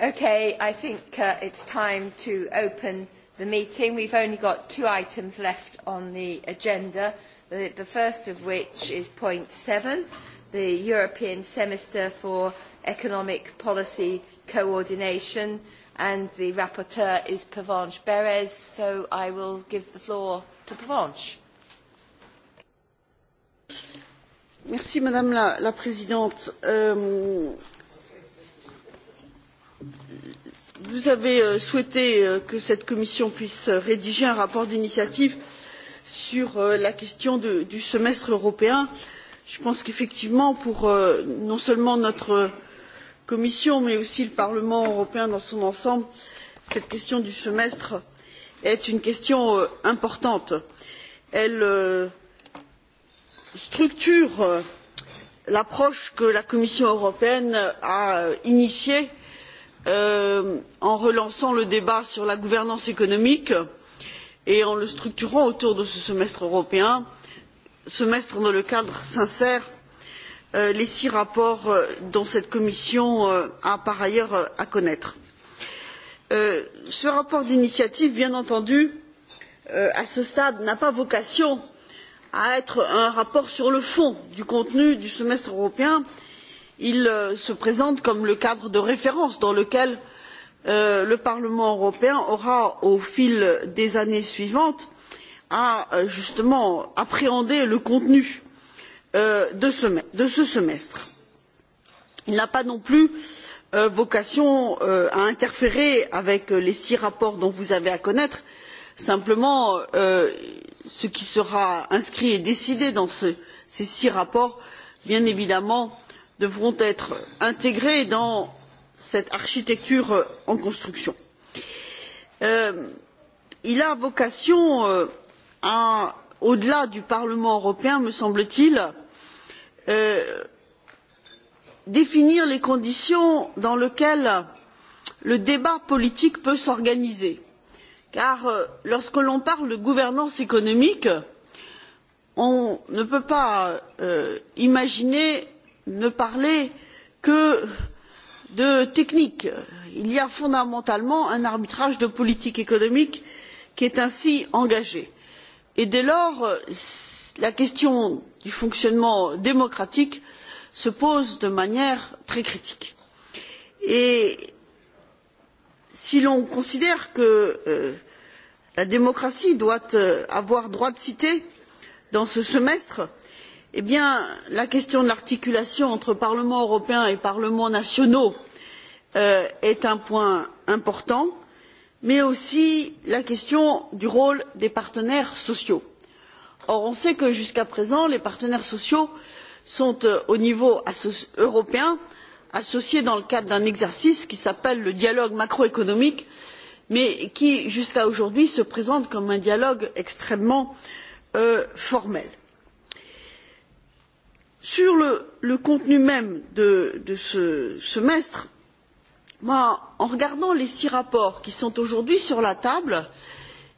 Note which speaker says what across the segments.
Speaker 1: Okay, I think uh, it's time to open the meeting. We've only got two items left on the agenda, the, the first of which is point seven, the European Semester for Economic Policy Coordination, and the rapporteur is Pavanche Beres, so I will give the floor to Pavanche.
Speaker 2: Merci Madame la, la Présidente. Euh, um vous avez euh, souhaité euh, que cette commission puisse euh, rédiger un rapport d'initiative sur la question de, du semestre européen je pense qu'effectivement pour non seulement notre commission mais aussi le parlement européen dans son ensemble cette question du semestre est une question importante. elle structure l'approche que la commission européenne a initiée euh, en relançant le débat sur la gouvernance économique et en le structurant autour de ce semestre européen semestre dans le cadre sincère euh, les six rapports euh, dont cette commission euh, a par ailleurs euh, à connaître. Euh, ce rapport d'initiative bien entendu euh, à ce stade n'a pas vocation à être un rapport sur le fond du contenu du semestre européen mais il euh, se présente comme le cadre de référence dans lequel euh, le parlement européen aura au fil des années suivantes à euh, justement appréhender le contenu euh, de, ce, de ce semestre. il n'a pas non plus euh, vocation euh, à interférer avec les six rapports dont vous avez à connaître simplement ce qui sera inscrit et décidé dans ce, ces six rapports bien évidemment devront être intégrées dans cette architecture euh, en construction. Euh, il a vocation euh, à, au delà du parlement européen me semble t il euh, définir les conditions dans lesquelles le débat politique peut s'organiser car euh, lorsque l'on parle de gouvernance économique on ne peut pas euh, imaginer ne parler que de technique. il y a fondamentalement un arbitrage de politique économique qui est ainsi engagé et dès lors la question du fonctionnement démocratique se pose de manière très critique. Et si l'on considère que euh, la démocratie doit euh, avoir droit de cité dans ce semestre eh bien la question de l'articulation entre parlement européen et parlements nationaux euh, est un point important mais aussi la question du rôle des partenaires sociaux. or on sait que jusqu'à présent les partenaires sociaux sont euh, au niveau européen associés dans le cadre d'un exercice qui s'appelle le dialogue macroéconomique mais qui jusqu'à aujourd'hui se présente comme un dialogue extrêmement euh, formel sur le, le contenu même de, de ce semestre moi, en regardant les six rapports qui sont aujourd'hui sur la table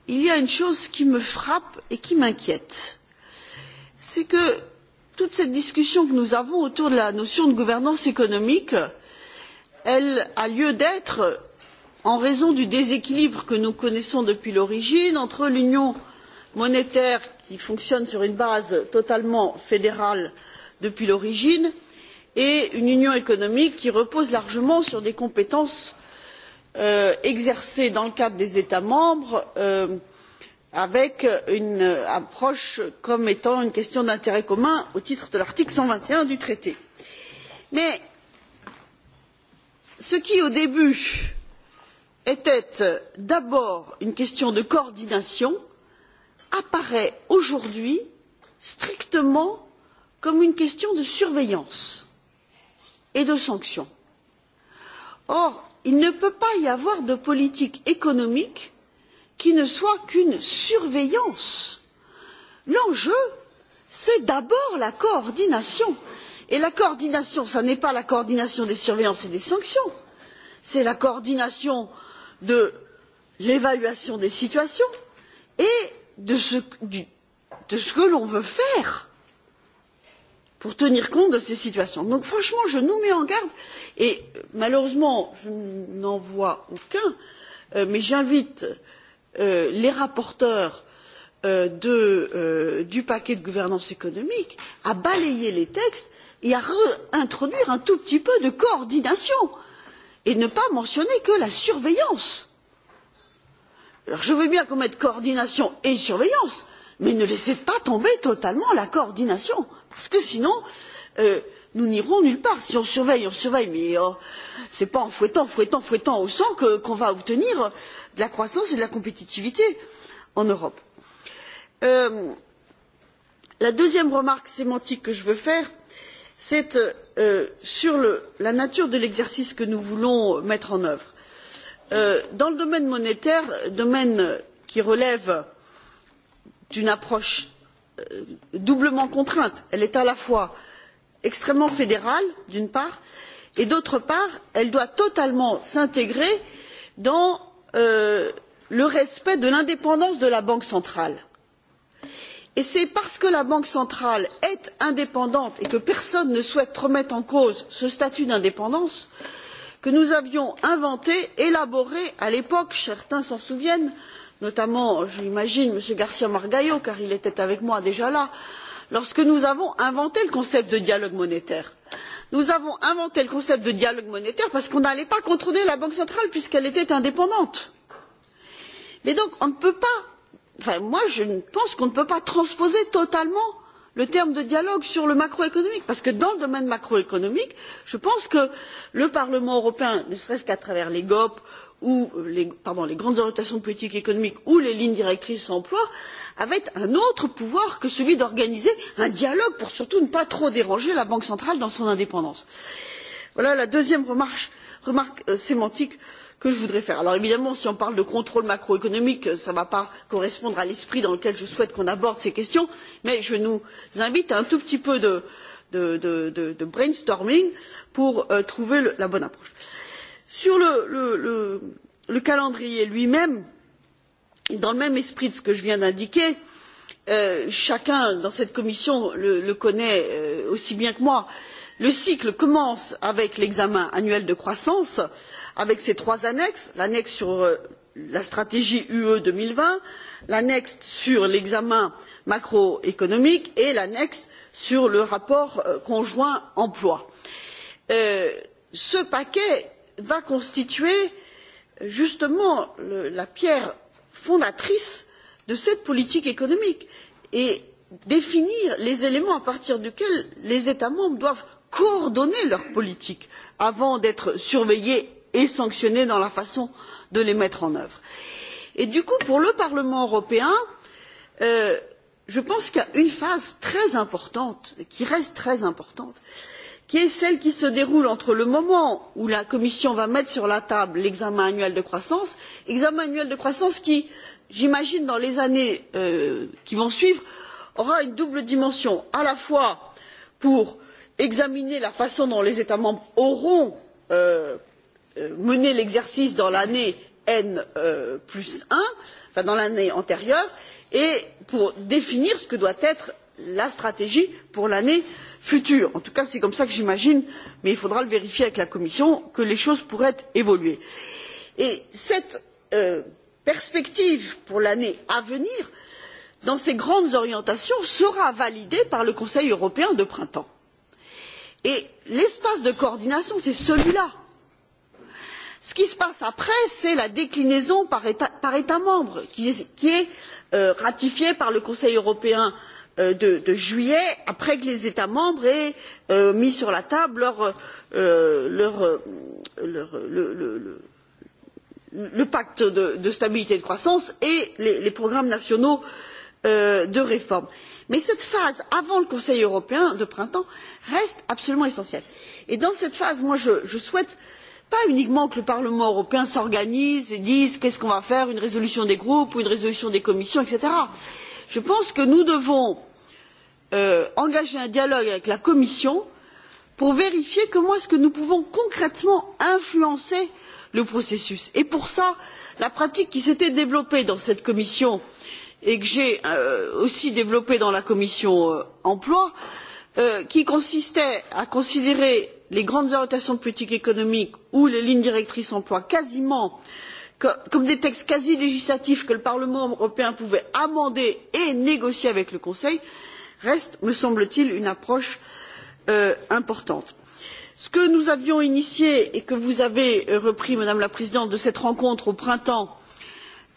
Speaker 2: il y a une chose qui me frappe et qui m'inquiète c'est que toute cette discussion que nous avons autour de la notion de gouvernance économique elle a lieu d'être en raison du déséquilibre que nous connaissons depuis l'origine entre l'union monétaire qui fonctionne sur une base totalement fédérale et depuis l'origine et une union économique qui repose largement sur des compétences euh, exercées dans le cadre des états membres euh, avec une approche comme étant une question d'intérêt commun au titre de l'article cent vingt et un du traité. mais ce qui au début était d'abord une question de coordination apparaît aujourd'hui strictement comme une question de surveillance et de sanction. or il ne peut pas y avoir de politique économique qui ne soit qu'une surveillance. l'enjeu c'est d'abord la coordination et la coordination ce n'est pas la coordination des surveillances et des sanctions c'est la coordination de l'évaluation des situations et de ce, du, de ce que l'on veut faire pour tenir compte de ces situations. donc franchement je nous mets en garde et malheureusement je n'en vois aucun euh, mais j'invite euh, les rapporteurs euh, de, euh, du paquet de gouvernance économique à balayer les textes et à réintroduire un tout petit peu de coordination et ne pas mentionner que la surveillance. Alors, je veux bien qu'on mette coordination et surveillance mais ne laissez pas tomber totalement la coordination parce que sinon euh, nous n'irons nulle part. si on surveille on surveille mais euh, ce n'est pas en fouettant fouettant fouettant au sang qu'on qu va obtenir de la croissance et de la compétitivité en europe. Euh, la deuxième remarque sémantique que je veux faire c'est euh, sur le, la nature de l'exercice que nous voulons mettre en œuvre. Euh, dans le domaine monétaire domaine qui relève une approche euh, doublement contrainte elle est à la fois extrêmement fédérale d'une part et d'autre part elle doit totalement s'intégrer dans euh, le respect de l'indépendance de la banque centrale. et c'est parce que la banque centrale est indépendante et que personne ne souhaite remettre en cause ce statut d'indépendance que nous avions inventé élaboré à l'époque certains s'en souviennent notamment j'imagine m. garca margallo car il était avec moi déjà là lorsque nous avons inventé le concept de dialogue monétaire. nous avons inventé le concept de dialogue monétaire parce qu'on n'allait pas contrôler la banque centrale puisqu'elle était indépendante. mais donc on ne peut pas enfin moi je pense qu'on ne peut pas transposer totalement le terme de dialogue sur le macroéconomique parce que dans le domaine macroéconomique je pense que le parlement européen ne serait ce qu'à travers les gop ou les, pardon, les grandes orientations de politique économique ou les lignes directrices emploi avait un autre pouvoir que celui d'organiser un dialogue pour surtout ne pas trop déranger la banque centrale dans son indépendance. voilà la deuxième remarque, remarque euh, sémantique que je voudrais faire. alors évidemment si on parle de contrôle macroéconomique euh, ça ne va pas correspondre à l'esprit dans lequel je souhaite qu'on aborde ces questions mais je nous invite à un tout petit peu de, de, de, de brainstorming pour euh, trouver le, la bonne approche. Euh, sur le, le, le, le calendrier lui même dans le même esprit de ce que je viens d'indiquer euh, chacun dans cette commission le connaît euh, aussi bien que moi le cycle commence avec l'examen annuel de croissance avec ses trois annexes l'annexe sur euh, la stratégie ue deux mille vingt l'annexe sur l'examen macroéconomique et l'annexe sur le rapport euh, conjoint emploi. Euh, ce paquet va constituer euh, justement le, la pierre fondatrice de cette politique économique et définir les éléments à partir desquels les états membres doivent coordonner leurs politiques avant d'être surveillés et sanctionnés dans la façon de les mettre en œuvre. Et du coup pour le parlement européen euh, je pense qu'il y a une phase très importante qui reste très importante c'est qui est celle qui se déroule entre le moment où la commission va mettre sur la table l'examen annuel de croissance examen annuel de croissance qui j'imagine dans les années euh, qui vont suivre aura une double dimension à la fois pour examiner la façon dont les états membres auront euh, euh mené l'exercice dans l'année n euh, plus un enfin dans l'année antérieure et pour définir ce que doit être la stratégie pour l'année futur en tout cas c'est comme cela que j'imagine mais il faudra le vérifier avec la commission que les choses pourraient évoluer. cette euh, perspective pour l'année à venir dans ses grandes orientations sera validée par le conseil européen de printemps et l'espace de coordination c'est celui là. ce qui se passe après c'est la déclinaison par état membre qui est euh, ratifiée par le conseil européen Euh, de, de juillet après que les états membres aient euh, mis sur la table leur, euh, leur, euh, leur, euh, le, le, le, le pacte de, de stabilité et de croissance et les, les programmes nationaux euh, de réforme. mais cette phase avant le conseil européen de printemps reste absolument essentielle. et dans cette phase moi, je, je souhaite pas uniquement que le parlement européen s'organise et dise qu'est ce qu'on va faire une résolution des groupes ou une résolution des commissions etc. je pense que nous devons Euh, engager un dialogue avec la commission pour vérifier comment nous pouvons concrètement influencer le processus. et pour cela la pratique qui s'était développée dans cette commission et que j'ai euh, aussi développée dans la commission euh, emploi qui consistait à considérer les grandes orientations de politique économique ou les lignes directrices emploi quasiment comme des textes quasi législatifs que le parlement européen pouvait amender et négocier avec le conseil reste me semble t il une approche euh, importante. ce que nous avions initié et que vous avez euh, repris madame la présidente de cette rencontre au printemps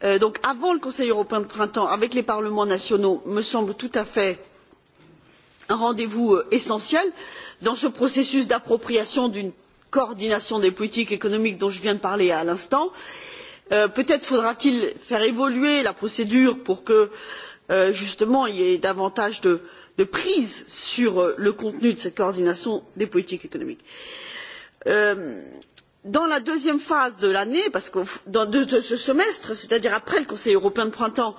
Speaker 2: euh, donc avant le conseil européen de printemps avec les parlements nationaux me semble tout à fait un rendez vous euh, essentiel dans ce processus d'appropriation d'une coordination des politiques économiques dont je viens de parler à l'instant. Euh, peut être faudra t il faire évoluer la procédure pour que Euh, justement il y ait davantage de, de prise sur euh, le contenu de cette coordination des politiques économiques. Euh, dans la deuxième phase de l'année de, de ce semestre c'est à dire après le conseil européen de printemps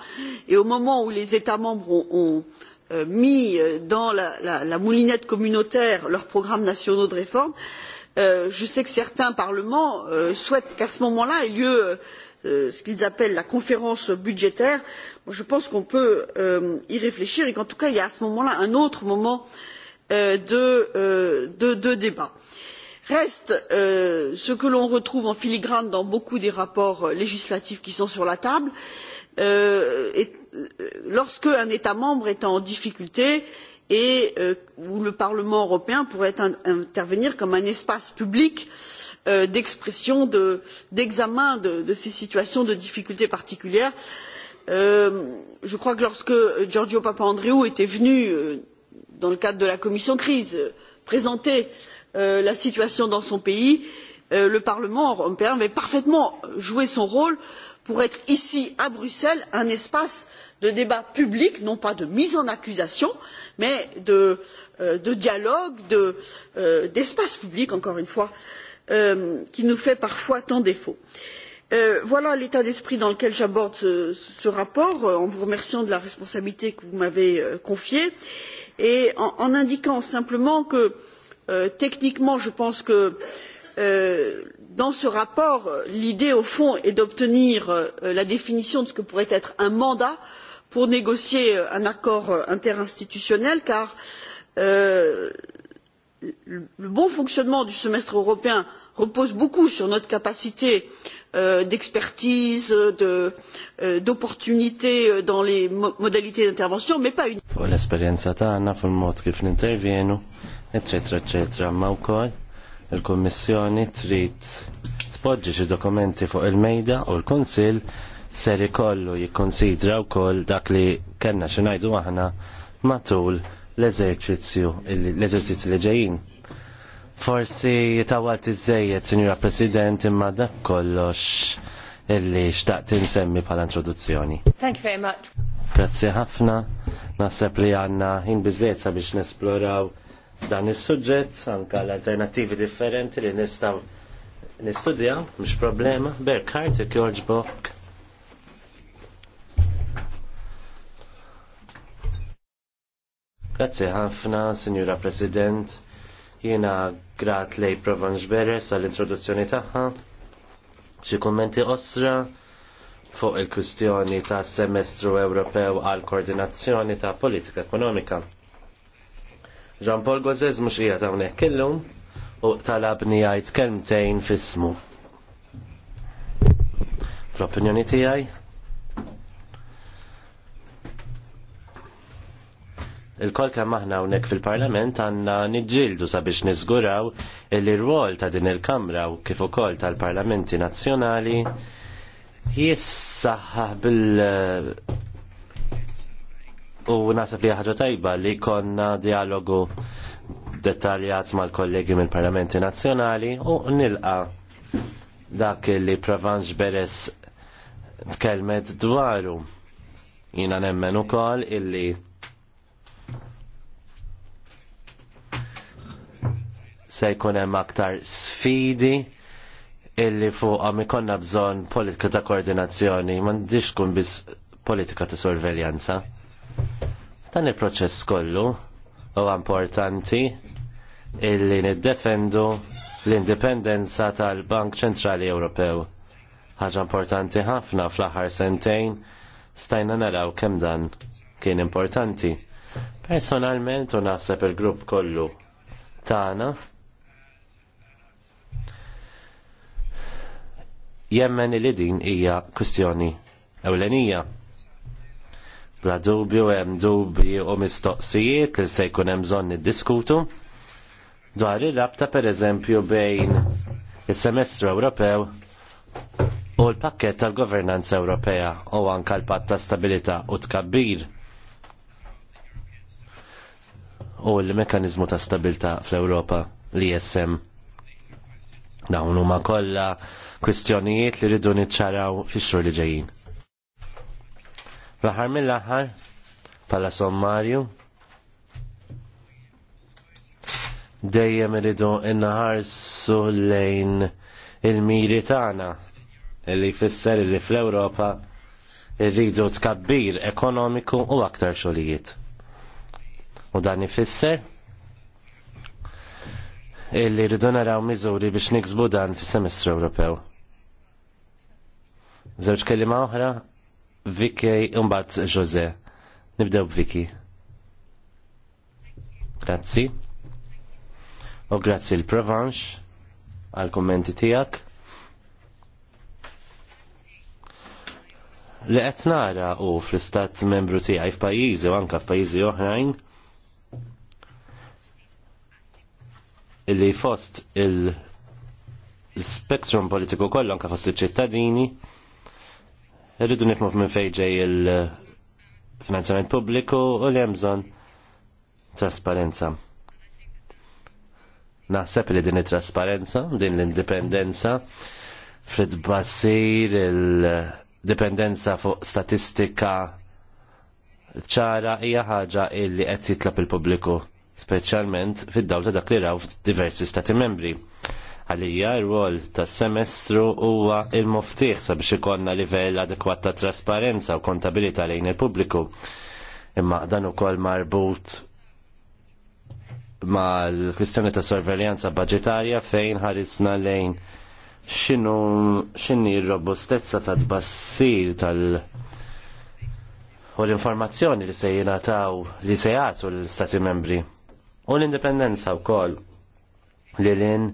Speaker 2: et au moment où les états membres ont, ont euh, mis dans la, la, la moulinette communautaire leurs programmes nationaux de réforme euh, je sais que certains parlements euh, souhaitent qu'à ce moment là ait lieu Euh, ce qu'ils appellent la conférence budgétaire je pense qu'on peut euh, y réfléchir et qu'en tout cas il y a à ce moment là un autre moment euh, de débat. reste ce que l'on retrouve en filigrane dans beaucoup des rapports législatifs qui sont sur la table lorsqu'un état membre est en difficulté et où le parlement européen pourrait intervenir comme un espace public pour Euh, d'expression d'examen de, de ces situations de difficultés particulières. Euh, je crois que lorsque giorgio papandreou était venu euh, dans le cadre de la commission crise présenter la situation dans son pays le parlement européen avait parfaitement joué son rôle pour être ici à bruxelles un espace de débat public non pas de mise en accusation mais de dialogue d'espace public encore une fois euh, qui nous fait parfois tant défaut. Euh, voilà l'état d'esprit dans lequel j'aborde ce, ce rapport euh, en vous remerciant de la responsabilité que vous m'avez euh, confiée et en, en indiquant simplement que euh, techniquement je pense que euh, dans ce rapport l'idée au fond est d'obtenir euh, la définition de ce que pourrait être un mandat pour négocier un accord interinstitutionnel car euh, le bon fonctionnement du semestre européen repose beaucoup sur notre capacité euh, d'expertise euh, d'opportunité de, euh, dans les mo modalités d'intervention mais pas uniquement.
Speaker 3: fuq l-esperjenza tagħna fil-mod kif nintervjenu eċetera eċetera ma wkoll il-Kummissjoni trid tpoġġi xi dokumenti fuq il-mejda u l-Kunsill ser ikollu jikkonsidra wkoll dak li kellna xi ngħidu aħna matul l-eżerċizzju, l-eżerċizzju li ġejjin. Forsi tawalt iż-żejjed, Sinjura President, imma dak kollox illi xtaqt insemmi bħala introduzzjoni.
Speaker 2: Thank you very much.
Speaker 3: Grazzi ħafna, naħseb li għanna jien biżejjed sabiex nesploraw dan is-suġġett, anka l-alternattivi differenti li nistgħu nistudja, mhux problema, Berkhardt, George Bock Grazzi ħafna, Sinjura President. Jiena grat lej Provanx Beres għall-introduzzjoni tagħha. Xi kummenti osra fuq il-kwistjoni ta' semestru Ewropew għal koordinazzjoni ta' politika ekonomika. Jean Paul Gozes mhux qiegħed hawnhekk illum u talabni jgħid kelmtejn fismu. Fl-opinjoni tiegħi? il-kol kemm aħna hawnhekk fil-Parlament għandna niġġieldu sabiex niżguraw il-rwol ta' din il-Kamra u kif ukoll tal-Parlamenti Nazzjonali jissaħħa bil u nasab li ħaġa tajba li konna dialogu dettaljat mal-kollegi mill-Parlamenti Nazzjonali u nilqa dak li Pravanġ Beres tkellmet dwaru. Jina nemmen ukoll illi se jkun hemm aktar sfidi illi fuqhom ikonna bżonn politika ta' koordinazzjoni, m'għandix tkun biss politika ta' sorveljanza. Dan il-proċess kollu huwa importanti illi niddefendu l-indipendenza tal-Bank Ċentrali Ewropew. Ħaġa importanti ħafna fl-aħħar sentejn stajna naraw kemm dan kien importanti. Personalment u naħseb il-grupp kollu tagħna jemmen li din hija kwistjoni ewlenija. Bla dubju hemm dubji u mistoqsijiet li se jkun hemm bżonn niddiskutu dwar ir-rabta pereżempju bejn is-semestru Ewropew u l-pakket tal-governanza Ewropea u anka l-patt ta' stabilità u tkabbir u l-mekanizmu ta' stabilità fl-Ewropa li jessem. Dawn huma kollha kwistjonijiet li rridu niċċaraw fix-xhur li ġejjin. L-aħħar mill-aħħar bħala sommarju dejjem irridu innaħarsu lejn il-miri tagħna li jfisser li fl-Ewropa irridu tkabbir ekonomiku u aktar xogħlijiet. U dan ifisser illi rridu naraw miżuri biex niksbu dan fis-semestru Ewropew. Żewġ kelima oħra, Vicky mbagħad Jose. Nibdew b'Vicky. Grazzi. U grazzi l-Provanx għal kommenti tijak. Li qed nara u fl-istat membru tiegħi f'pajjiżi u anke f'pajjiżi oħrajn illi fost il-spektrum politiku kollu anka fost il-ċittadini rridu nifmu minn fejġej il-finanzjament pubbliku u li jemżon trasparenza. Naħseb li din it-trasparenza, din l-indipendenza, frid basir il-dipendenza fuq statistika ċara hija ħaġa illi qed jitlab il-pubbliku speċjalment fid-dawl ta' dak li raw f'diversi stati membri. Għalija r-rol tas semestru huwa il-moftiħ sabiex ikonna livell adekwat ta' trasparenza u kontabilità lejn il-pubbliku. Imma dan ukoll marbut ma' l-kwistjoni ta' sorveljanza budgetarja fejn ħarisna lejn xinu xinni r-robustezza ta' tbassir tal- u l-informazzjoni li se jingħataw li se jagħtu l istati membri U l-indipendenza wkoll li lin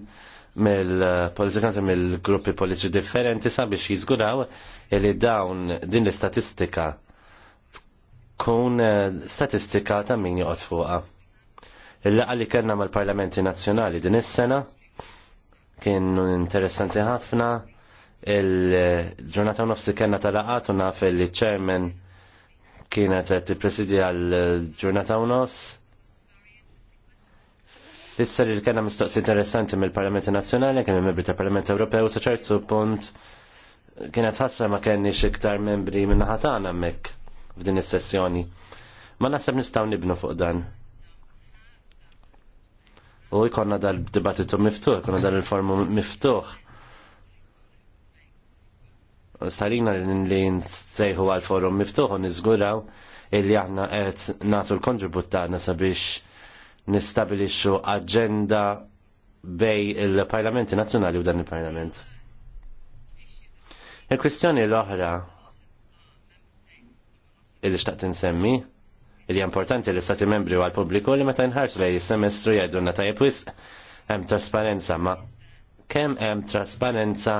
Speaker 3: mill-politikanti mill-gruppi politiċi differenti sabiex jiżguraw li dawn din l-istatistika tkun eh, statistika ta' min joqgħod fuqha. Il-laqa li kellna mal-Parlamenti Nazzjonali din is-sena kienu interessanti ħafna. Il-ġurnata nofsi kellna tal-laqat u naf il-chairman kienet qed tippresidi għal ġurnata u nofs Tfisser li kena mistoqsi interessanti mill-Parlamenti Nazzjonali, kemm membri tal-Parlament Ewropew sa ċertu punt kienet ħassra ma kenniex iktar membri minn ħatana mek f'din is-sessjoni. Ma naħseb nistgħu nibnu fuq dan. U jkollna dal-dibattitu miftuħ, jkollna dal-informu miftuħ sarina li nsejħu għal forum miftuħu nizguraw illi aħna qed nagħtu l-kontribut tagħna sabiex nistabilixxu aġenda bej il-Parlamenti Nazzjonali u dan il-Parlament. Il-kwistjoni l-oħra il-xtaqt insemmi li importanti li stati membri u għal-pubbliku li meta nħarġ lej semestru jgħidunna tajjeb wisq hemm trasparenza ma kemm hemm trasparenza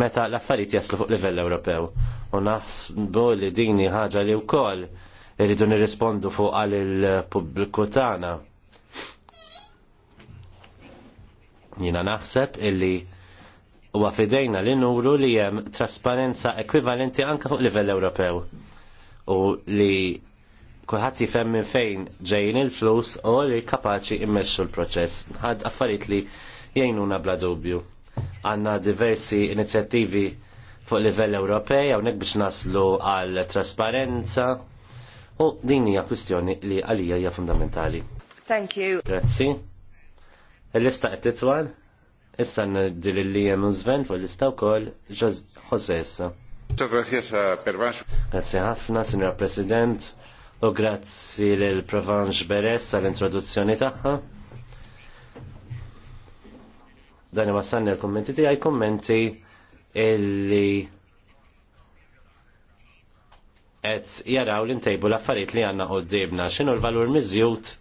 Speaker 3: meta l-affarijiet jaslu fuq livell Ewropew. U naħsbu li dini ħaġa li wkoll irridu nirrispondu fuq għal il-pubbliku tagħna Jina naħseb illi huwa fidejna li nuru li hemm trasparenza ekwivalenti anke fuq livell Ewropew u li kulħadd jifhem minn fejn ġejjin il-flus u li kapaċi immexxu l-proċess. Ħadd affarijiet li jgħinuna bla dubju. Għandna diversi inizjattivi fuq livell Ewropej hawnhekk biex naslu għal trasparenza u din hija kwistjoni li għalija hija fundamentali. Thank you. Grazzi. Il-lista qed titwal, issa nidil li hemm użven fuq lista wkoll Jose issa.
Speaker 2: Grazzi
Speaker 3: ħafna, Sinjor President, u grazzi lil Provange Beres għall-introduzzjoni tagħha. Dan iwassalni l-kummenti tiegħi kummenti illi qed jaraw l-intejbu l-affarijiet li għandna qudiebna x'inhu l-valur miżjud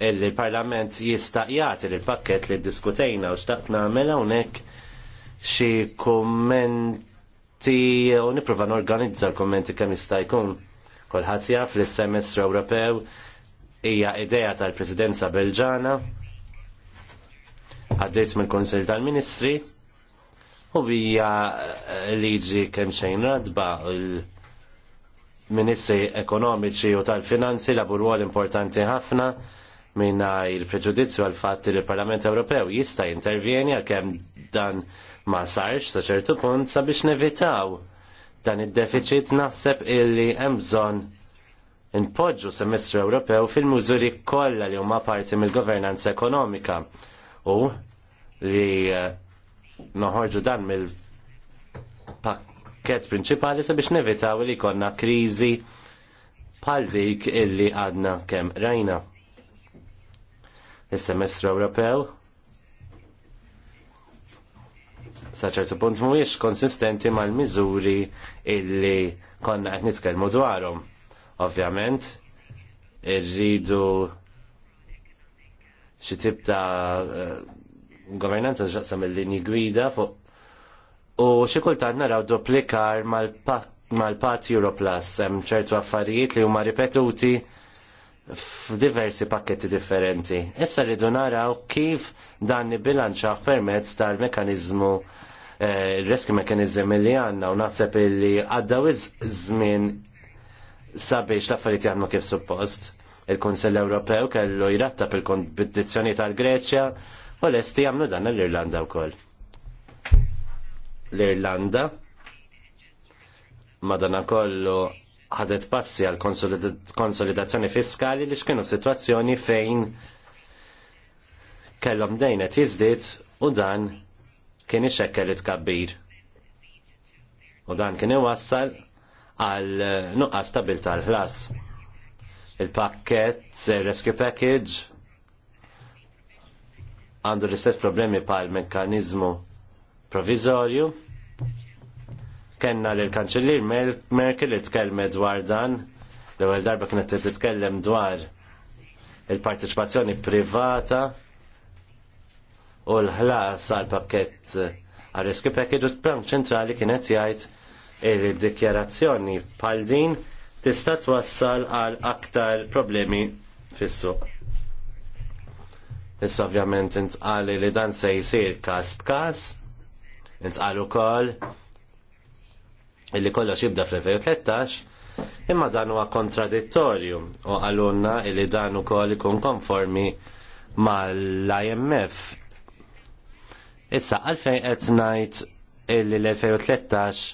Speaker 3: illi parlament jista' jagħti il pakket li diskutejna u xtaqt nagħmel hawnhekk xi kummenti u nipprova norganizza l-kummenti kemm jista' jkun. Kulħadd jaf li s-semestru Ewropew hija idea tal-Presidenza Belġana għaddejt mill-Konsil tal-Ministri u bija eh, liġi kemm xejn radba l- ministri ekonomiċi u tal-finanzi labu rwol importanti ħafna mingħajr preġudizzju għal fatt li l-Parlament Ewropew jista' jintervjeni għalkemm dan ma sarx sa ċertu punt sabiex nevitaw dan id-deficit naħseb illi hemm bżonn inpoġġu semestru Ewropew fil-mużuri kollha li huma parti mill-governanza ekonomika u li eh, noħorġu dan mill-pakket prinċipali sabiex nevitaw li konna kriżi bħal dik illi għadna kemm rajna is-semestru Ewropew saċertu punt mhuwiex konsistenti mal-miżuri illi konna qed nitkellmu dwarhom. Ovvjament, irridu xi tip ta' eh, governanza ġaqsam il-linji gwida fuq u xi kultant naraw duplikar mal-Pat mal Europlus hemm ċertu affarijiet li huma ripetuti f'diversi pakketti differenti. Issa rridu naraw kif dan nibilanċaħ permezz tal-mekanizmu eh, rescue mechanism li għanna u naħseb li għaddaw iż-żmien sabiex l-affarijiet jaħdmu kif suppost. Il-Kunsell Ewropew kellu jrattab il-kondizzjoni tal-Greċja u l-esti jagħmlu dan l-Irlanda wkoll. L-Irlanda madanakollu ħadet passi għal konsolidazzjoni fiskali li xkienu situazzjoni fejn kellhom dejn qed jiżdied u dan kien ixekkel it-kabbir. U dan kien iwassal għal nuqqas stabil tal-ħlas. Il-pakket, il-rescue package, għandu l-istess problemi pal mekkanizmu provizorju Kenna li l-kanċellir Merkel itkellmet dwar dan, l-ewwel darba kienet titkellem dwar il-parteċipazzjoni privata u l-ħlas għal pakkett għal riskju package u t-plan ċentrali kienet jgħid il-dikjarazzjoni bħal din tista' twassal għal aktar problemi fis-suq. Issa ovvjament intqali li dan se jsir każ b'każ, intqal ukoll illi kollox jibda fl-2013 imma dan huwa kontradittorju u għalunna illi dan ukoll ikun konformi mal-IMF. Issa għalfejn qed ngħid illi l-2013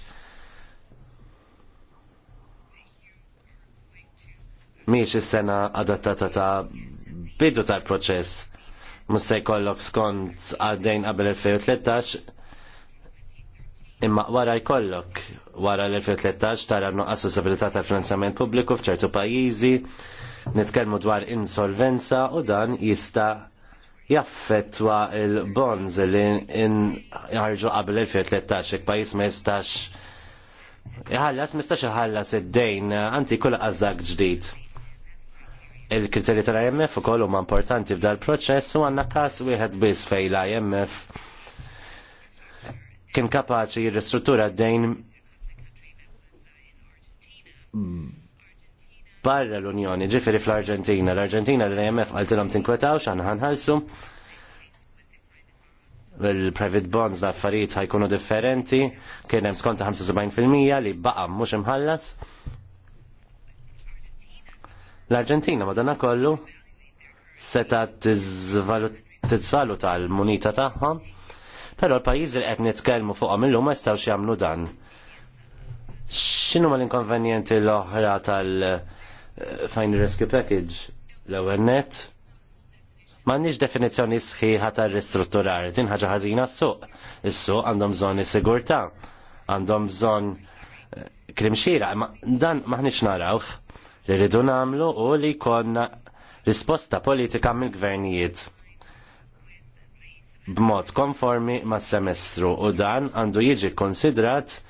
Speaker 3: miex is-sena adattata ta' bidu tal-proċess mus se jkollok skont għaddejn qabel 2013 imma wara jkollok wara l-2013 tara nuqqas stabilità ta' finanzjament pubbliku f'ċertu pajjiżi, nitkellmu dwar insolvenza u dan jista' jaffettwa il-bonds li jħarġu qabel 2013 il-pajis ma jistax jħallas, ma jistax jħallas id-dejn, anti kull għazzak ġdid. Il-kriterji tal-IMF u kollu ma importanti f'dal proċess u għanna kas wieħed biss fej l-IMF kien kapaċi jirristruttura d-dejn barra l-Unjoni, ġifiri fl-Arġentina. L-Arġentina l-IMF għaltilom tinkwetaw xan ħanħalsu. Il-private bonds l-affarijiet ħajkunu differenti, kien hemm skont 75% li baqa' mhux imħallas. L-Arġentina madonna kollu seta tiżvalu tal-munita tagħhom, però l-pajjiż li qed nitkellmu fuqhom illum ma jistgħux jagħmlu dan X'inhu ma l-inkonvenjenti l-oħra tal-Fine Rescue Package l-ewwel net? M'għandniex definizzjoni sħiħa tar-ristrutturar, din ħaġa ħażina s-suq. Is-suq għandhom bżonn is-sigurtà, għandhom bżonn eh, krimxira, ma dan maħniċ narawħ li rridu namlu u li konna risposta politika mill-gvernijiet b'mod konformi ma' semestru u dan għandu jiġi konsidrat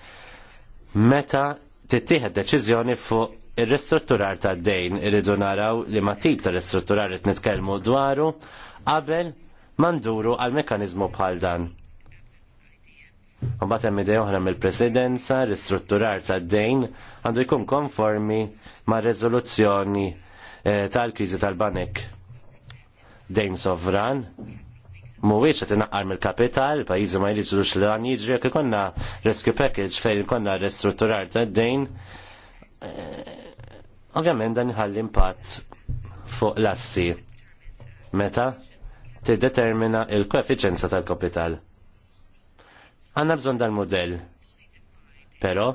Speaker 3: meta tittieħed deċiżjoni fuq ir-ristrutturar ta' dejn irridu naraw li ma tip ta' ristrutturar qed nitkellmu dwaru qabel ma nduru għal mekkaniżmu bħal dan. Mbagħad hemm idea oħra mill-Presidenza ristrutturar ta' dejn għandu jkun konformi ma' riżoluzzjoni eh, tal-kriżi tal-banek. Dejn sovran Mhuwiex qed inaqqar mill-kapital, pajjiżi ma jridux li dan jiġri jekk ikonna rescue package fejn ikonna ristrutturar ta' dejn. Eh, ovvjament dan iħalli impatt fuq l-assi meta tiddetermina il-koeffiċenza tal-kapital. Għanna bżon dal-modell, pero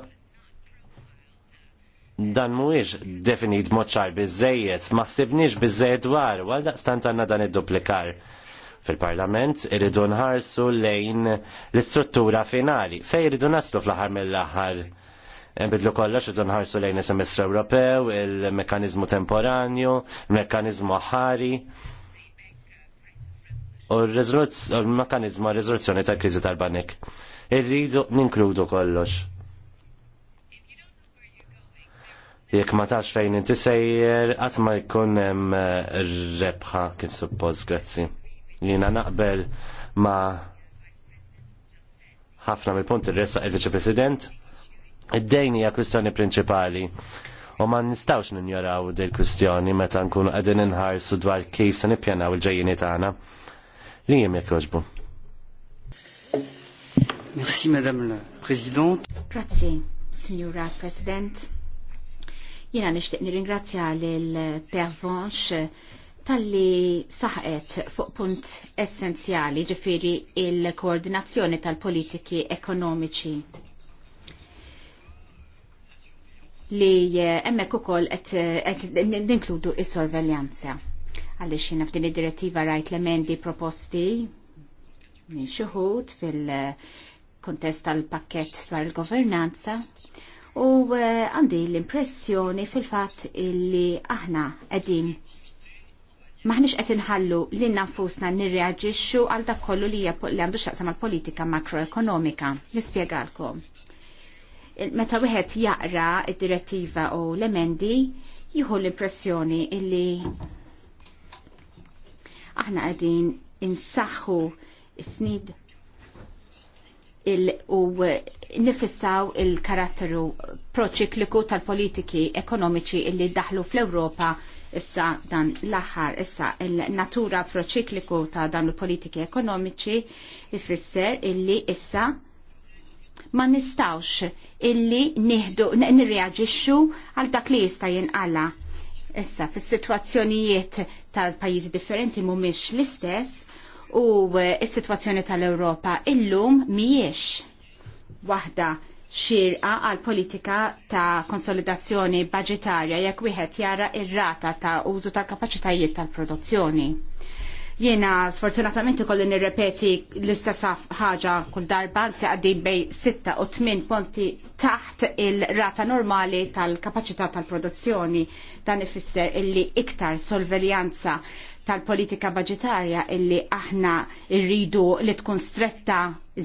Speaker 3: dan mhuwiex definit mod ċar biżejjed, ma ħsibniex biżejjed dwar, għal daqstant għandna dan id-duplikar fil-Parlament irridu nħarsu lejn l-istruttura finali. Fej irridu naslu fl-aħħar mill-aħħar Bidlu kollox irridu nħarsu lejn is-semestru Ewropew, il-mekkaniżmu temporanju, il-mekkaniżmu ħari. U l-mekkaniżmu riżoluzzjoni tal kriżi tal-banek. Irridu ninkludu kollox. jekk ma tax fejn inti sejjer, qatt ma jkun hemm rebħa kif suppost, grazzi. Jina naqbel ma ħafna mill-punti ressa il-Viċi President. Id-dejn hija kwistjoni prinċipali u ma nistawx ninjoraw del kwistjoni meta nkunu qegħdin inħarsu dwar kif se nippjanaw il-ġejjini tagħna. Li jiem jekk jogħġbu.
Speaker 2: Merci, Madame la Présidente.
Speaker 1: Grazie, Signora President. Jena nishtiq nirringrazzja lil Pervenche tal-li saħqet fuq punt essenzjali ġifiri il-koordinazzjoni tal-politiki ekonomiċi li eh, emmek ukoll qed ninkludu is-sorveljanza. Għaliex jiena f'din id-direttiva rajt l-emendi proposti minn xuħud fil-kontest tal-pakket dwar il-governanza u eh, għandi l-impressjoni fil-fatt illi aħna qegħdin maħniex qed inħallu li nafusna nirreaġixxu għal dak kollu li għandu x'aqsam mal-politika makroekonomika. Nispjegalkom. Meta wieħed jaqra id-direttiva u l-emendi, jieħu l-impressjoni illi aħna qegħdin insaħħu snid il u nifissaw il-karattru proċikliku tal-politiki ekonomiċi illi daħlu fl-Ewropa issa dan l-aħħar issa il-natura proċikliku ta' dan il-politiki ekonomiċi ifisser illi issa ma nistawx illi nieħdu nirreaġixxu għal dak li jista' jinqala. Issa fis-sitwazzjonijiet tal-pajjiżi differenti mhumiex l-istess u s-sitwazzjoni tal-Ewropa illum mhijiex waħda xirqa għal politika ta' konsolidazzjoni budgetarja jekk wieħed jara ir-rata ta' użu tal-kapaċitajiet tal-produzzjoni. Jiena sfortunatament ikolli nirrepeti l-istess ħaġa kull darba se għaddin bej 6 u 8 ponti taħt il-rata normali tal-kapaċità tal-produzzjoni dan ifisser illi iktar sorveljanza tal-politika budgetarja illi aħna rridu li tkun stretta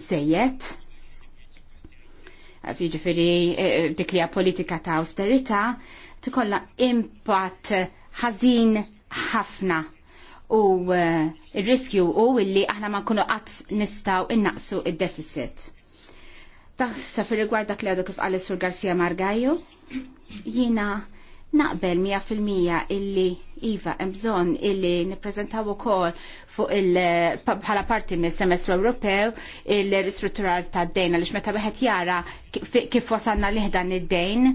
Speaker 1: żejjed jiġifieri eh, eh, dik li politika ta' austerità tikolla impatt ħażin ħafna u eh, il-riskju u illi aħna ma nkunu qatt nistgħu innaqsu id-deficit. Taħsa fil rigward dak li għadu kif għal Sur Garcia Margajo, jina naqbel 100% illi Iva, mżon illi niprezentaw ukoll fuq il bħala parti mis semestru Ewropew il-ristrutturar ta' d-dejn għaliex meta wieħed jara kif wasalna liħdan id-dejn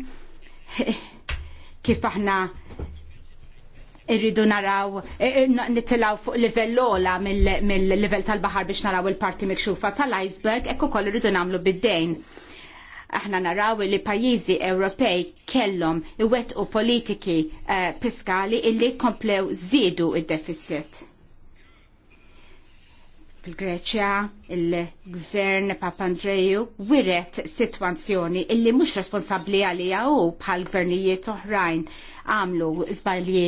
Speaker 1: kif aħna irridu naraw, e, e, nittilaw fuq livell ola mill-livell tal-bahar biex naraw il-parti mikxufa tal-iceberg, ekku koll irridu namlu bid-dejn. Aħna naraw li pajjiżi Ewropej kellhom iwettqu politiki uh, fiskali illi komplew żiedu id-deficit. Fil-Greċja, il-gvern Papandreju wiret sitwazzjoni illi mhux responsabbli għalija u bħal gvernijiet oħrajn għamlu żbalji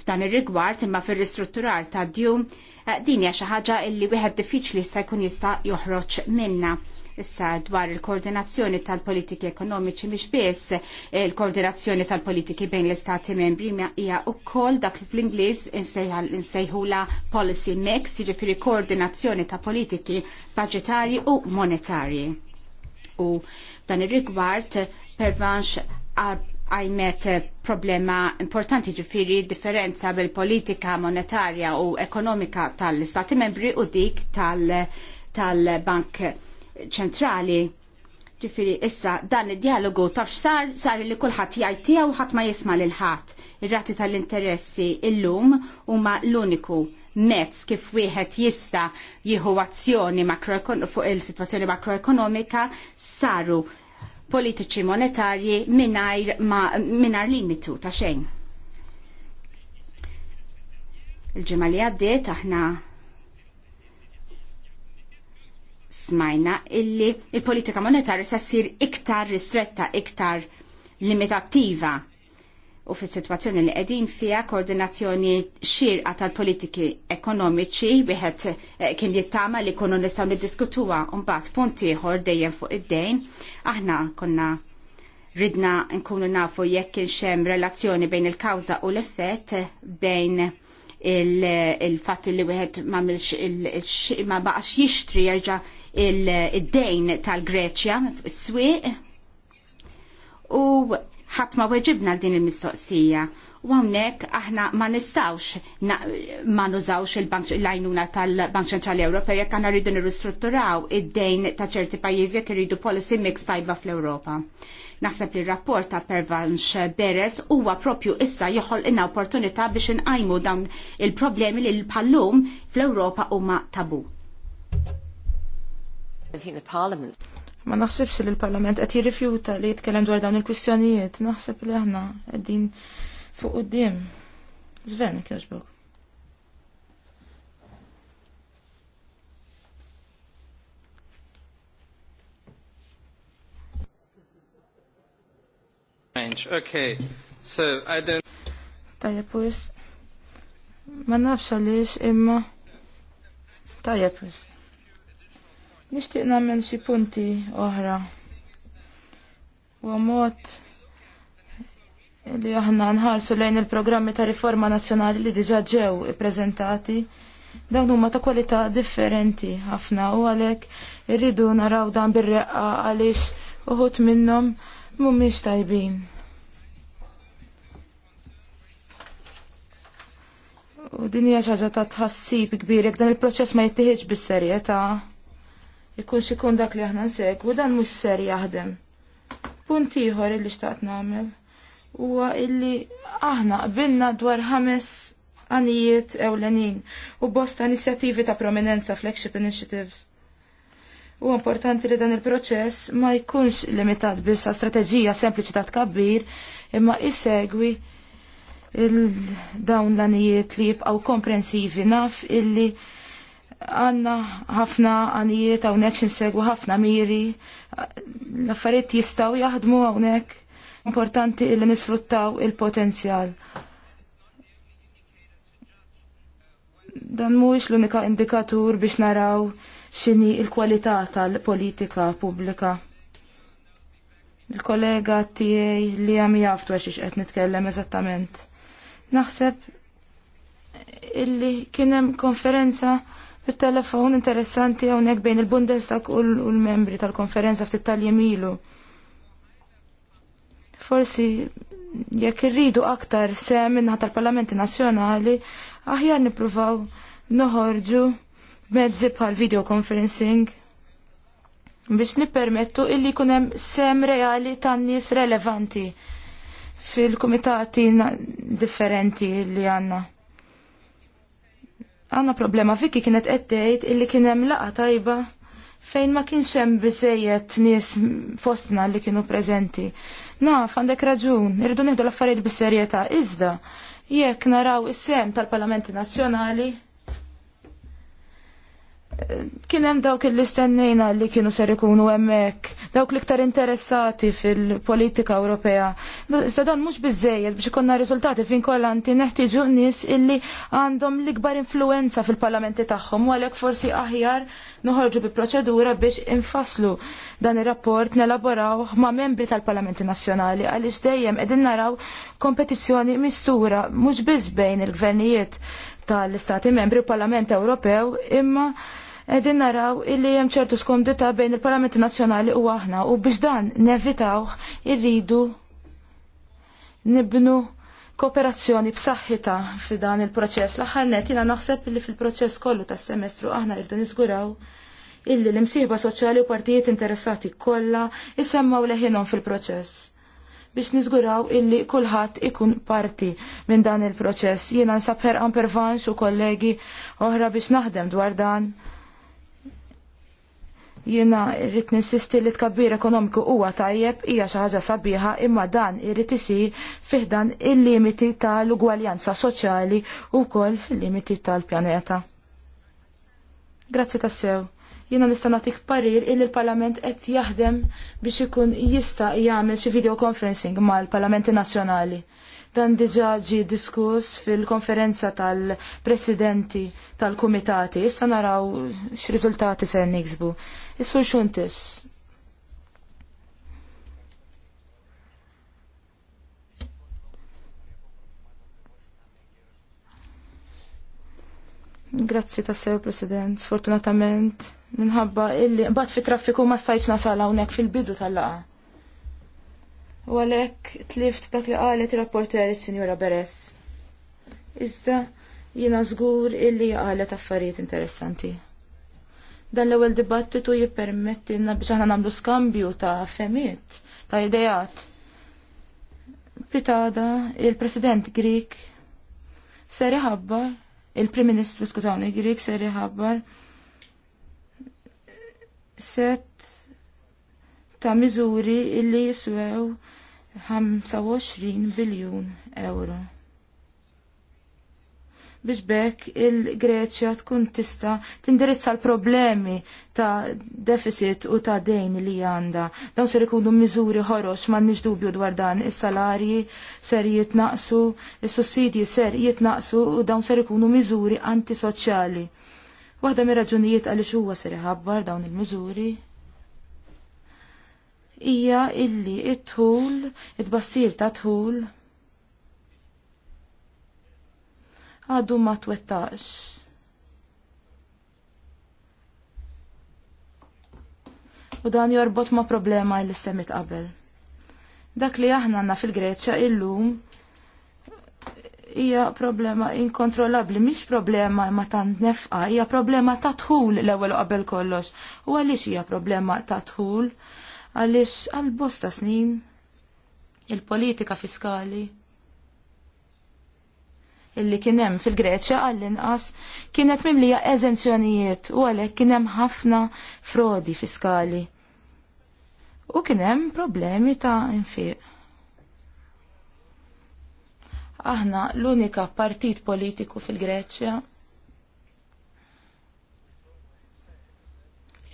Speaker 1: f'dan ir-rigward imma fir-ristrutturar ta' djum eh, din hija xi ħaġa li wieħed diffiċli se jkun jista' joħroġ minna. Issa dwar il-koordinazzjoni tal-politiki ekonomiċi mhix biss eh, il-koordinazzjoni tal-politiki bejn l-istati membri hija wkoll dak fl-Ingliż insejħula policy mix, jiġifieri koordinazzjoni ta' politiki budgetari u monetarji. U dan ir-rigward pervanx għajmet eh, problema importanti ġifiri differenza bil-politika monetarja u ekonomika tal-Stati membri u dik tal-Bank tal ċentrali. Ġifiri, issa, dan il-dialogu taf sar, sar li kullħat jajtija u ħat ma jisma l-ħat. Ir-rati tal-interessi illum huma l-uniku mezz kif wieħed jista jieħu azzjoni fuq il-situazzjoni makroekonomika saru politiċi monetarji minar, ma, minar limitu ta' xejn. Il-ġimma li għaddiet aħna smajna illi il-politika monetarja sa sir iktar ristretta, iktar limitattiva u fis situazzjoni li qegħdin fiha koordinazzjoni xirqa tal-politiki ekonomiċi wieħed eh, kien jittama li kunu nistgħu niddiskutuha mbagħad punt ieħor dejjem fuq id-dejn. Aħna konna ridna nkunu nafu jekk kien xem relazzjoni bejn il-kawża u l-effett bejn il-fatt il li wieħed ma baqax jixtri jerġa' il-dejn tal-Greċja s-swieq u ħadd ma weġibna l din il-mistoqsija. U hawnhekk aħna ma nistawx ma nużawx l-għajnuna tal-Bank Ċentrali Ewropew jekk aħna rridu nirristrutturaw id-dejn ta' ċerti pajjiżi jekk irridu policy mix tajba fl-Ewropa. Naħseb li r-rapport ta' Pervanx Beres huwa propju issa joħol inna opportunità biex inqajmu dawn il-problemi li l-pallum fl-Ewropa huma
Speaker 4: tabu. Ma naħsibx li l-Parlament qed jirrifjuta li jitkellem dwar dawn il-kwistjonijiet, naħseb li aħna qegħdin fuq quddiem. Sven, kjaġbok. Okay, so I don't... Tajja pwis. Ma nafx għaliex imma. Tajja pwis. Nixtieq nagħmel xi punti oħra. Huwa mod li aħna nħarsu lejn il-programmi ta' riforma nazzjonali li diġà ġew ippreżentati dawn huma ta' kwalità differenti ħafna u għalhekk irridu naraw dan bir-reqqa għaliex uħut minnhom mhumiex tajbin. U din hija xi ħaġa ta' tħassib kbir jekk dan il-proċess ma jittieħiġ bis-serjetà ikun ikun dak li aħna nsegwu dan mhux ser jaħdem. Punt ieħor illi xtaqt nagħmel huwa illi aħna qbilna dwar ħames għanijiet ewlenin u bosta inizjattivi ta' prominenza flagship initiatives. U importanti li dan il-proċess ma jkunx limitat biss għal strateġija sempliċi ta' tkabbir imma isegwi il-dawn l-anijiet li jibqaw komprensivi naf illi għanna ħafna għanijiet għawnek xinsegwu ħafna miri, l-affariet jistaw jaħdmu għawnek, importanti illi nisfruttaw il-potenzjal. Dan mhuwiex l-unika indikatur biex naraw x'inhi l-kwalità tal-politika pubblika. Il-kollega tiegħi li hemm jaftu għax qed nitkellem eżattament. Naħseb illi kien hemm konferenza Il-telefon interessanti hawnhekk bejn il-Bundestag u l-membri tal-konferenza ftit tal-jiem ilu. Forsi jekk irridu aktar sem minnaħa tal-Parlamenti Nazzjonali, aħjar nippruvaw noħorġu mezzi bħal video conferencing biex nippermettu illi jkun hemm sem reali tan nies relevanti fil-kumitati differenti li għandna. Għanna problema Viki kienet qed tgħid illi kien hemm laqa tajba fejn ma kienx hemm biżejjed nies fostna li kienu preżenti. Naf għandek raġun, irridu nieħdu l-affarijiet bis-serjetà iżda jekk naraw is-sem tal-Parlamenti Nazzjonali kienem dawk li stennejna li kienu ser ikunu emmek, dawk li ktar interessati fil-politika Ewropea. Iżda dan mhux biżejjed biex ikonna riżultati fin kollanti neħtieġu nies illi għandhom l-ikbar influenza fil-parlamenti tagħhom u għalhekk forsi aħjar noħorġu bi proċedura biex infasslu dan ir-rapport nelaborawh ma' membri tal-Parlamenti Nazzjonali għaliex dejjem qegħdin naraw kompetizzjoni mistura mhux biss bejn il-gvernijiet tal-Istati Membri u Parlament Ewropew imma Edin naraw illi hemm ċertu skomdita bejn il-Parlamenti Nazzjonali u aħna u biex dan nevitawh irridu nibnu kooperazzjoni b'saħħita fi dan il-proċess. L-aħħar net jiena naħseb li fil-proċess kollu tas-semestru aħna rridu niżguraw illi l-imsieħba soċjali u partijiet interessati kollha isemmaw leħinhom fil-proċess biex nizguraw illi kulħadd ikun parti minn dan il-proċess. Jiena nsabħer għan pervanx u kollegi oħra biex naħdem dwar dan Jiena irrid ninsisti li tkabbir ekonomiku huwa tajjeb hija xi ħaġa sabiħa imma dan irrid isir fiħdan il-limiti tal-ugwaljanza soċjali u wkoll fil-limiti tal-pjaneta. Grazzi tassew. Jiena nista' nagħtik parir illi l-Parlament qed jaħdem biex ikun jista' jagħmel xi video conferencing mal-Parlamenti Nazzjonali. Dan diġà ġie diskuss fil-konferenza tal-presidenti tal-kumitati. Issa naraw x'riżultati ser niksbu. Is-sur Xuntis. Grazzi ta' sew, President. Sfortunatament, minħabba illi bat fi traffiku ma stajċ nasal hawnhekk fil-bidu tal-laqa. U għalhekk tlift dak li qalet ir-rapporter is-Sinjura Beres. Iżda jiena żgur illi qalet affarijiet interessanti. Dan l-ewwel dibattitu jippermettilna biex aħna nagħmlu skambju ta' femiet, ta' idejat. Pitada, il-President Grik ser iħabbar, il-Prim Ministru skutawni Grik ser iħabbar set ta' miżuri illi jiswew 25 biljun euro biex bekk il-Greċja tkun tista tindirizza l-problemi ta' deficit u ta' dejn li għanda. Dawn ser ikunu miżuri ħorox ma' nix dubju dwar dan. Is-salarji ser jitnaqsu, is-sussidji ser jitnaqsu u dawn ser ikunu miżuri antisoċjali. Waħda mir-raġunijiet għaliex huwa ser iħabbar dawn il-miżuri hija illi it-tul, it-bassir ta' tħul għadu ma twettax. U dan jorbot ma problema li semmit qabel. Dak li aħna għanna fil-Greċja illum hija problema inkontrollabli, mhix problema ma tant nefqa, hija problema ta' tħul l-ewwel qabel kollox. U għaliex hija problema ta' tħul? Għaliex għal bosta snin il-politika fiskali illi kien hemm fil-Greċja għall-inqas kienet mimlija eżenzjonijiet u għalhekk kien hemm ħafna frodi fiskali. U kien hemm problemi ta' infiq. Aħna l-unika partit politiku fil-Greċja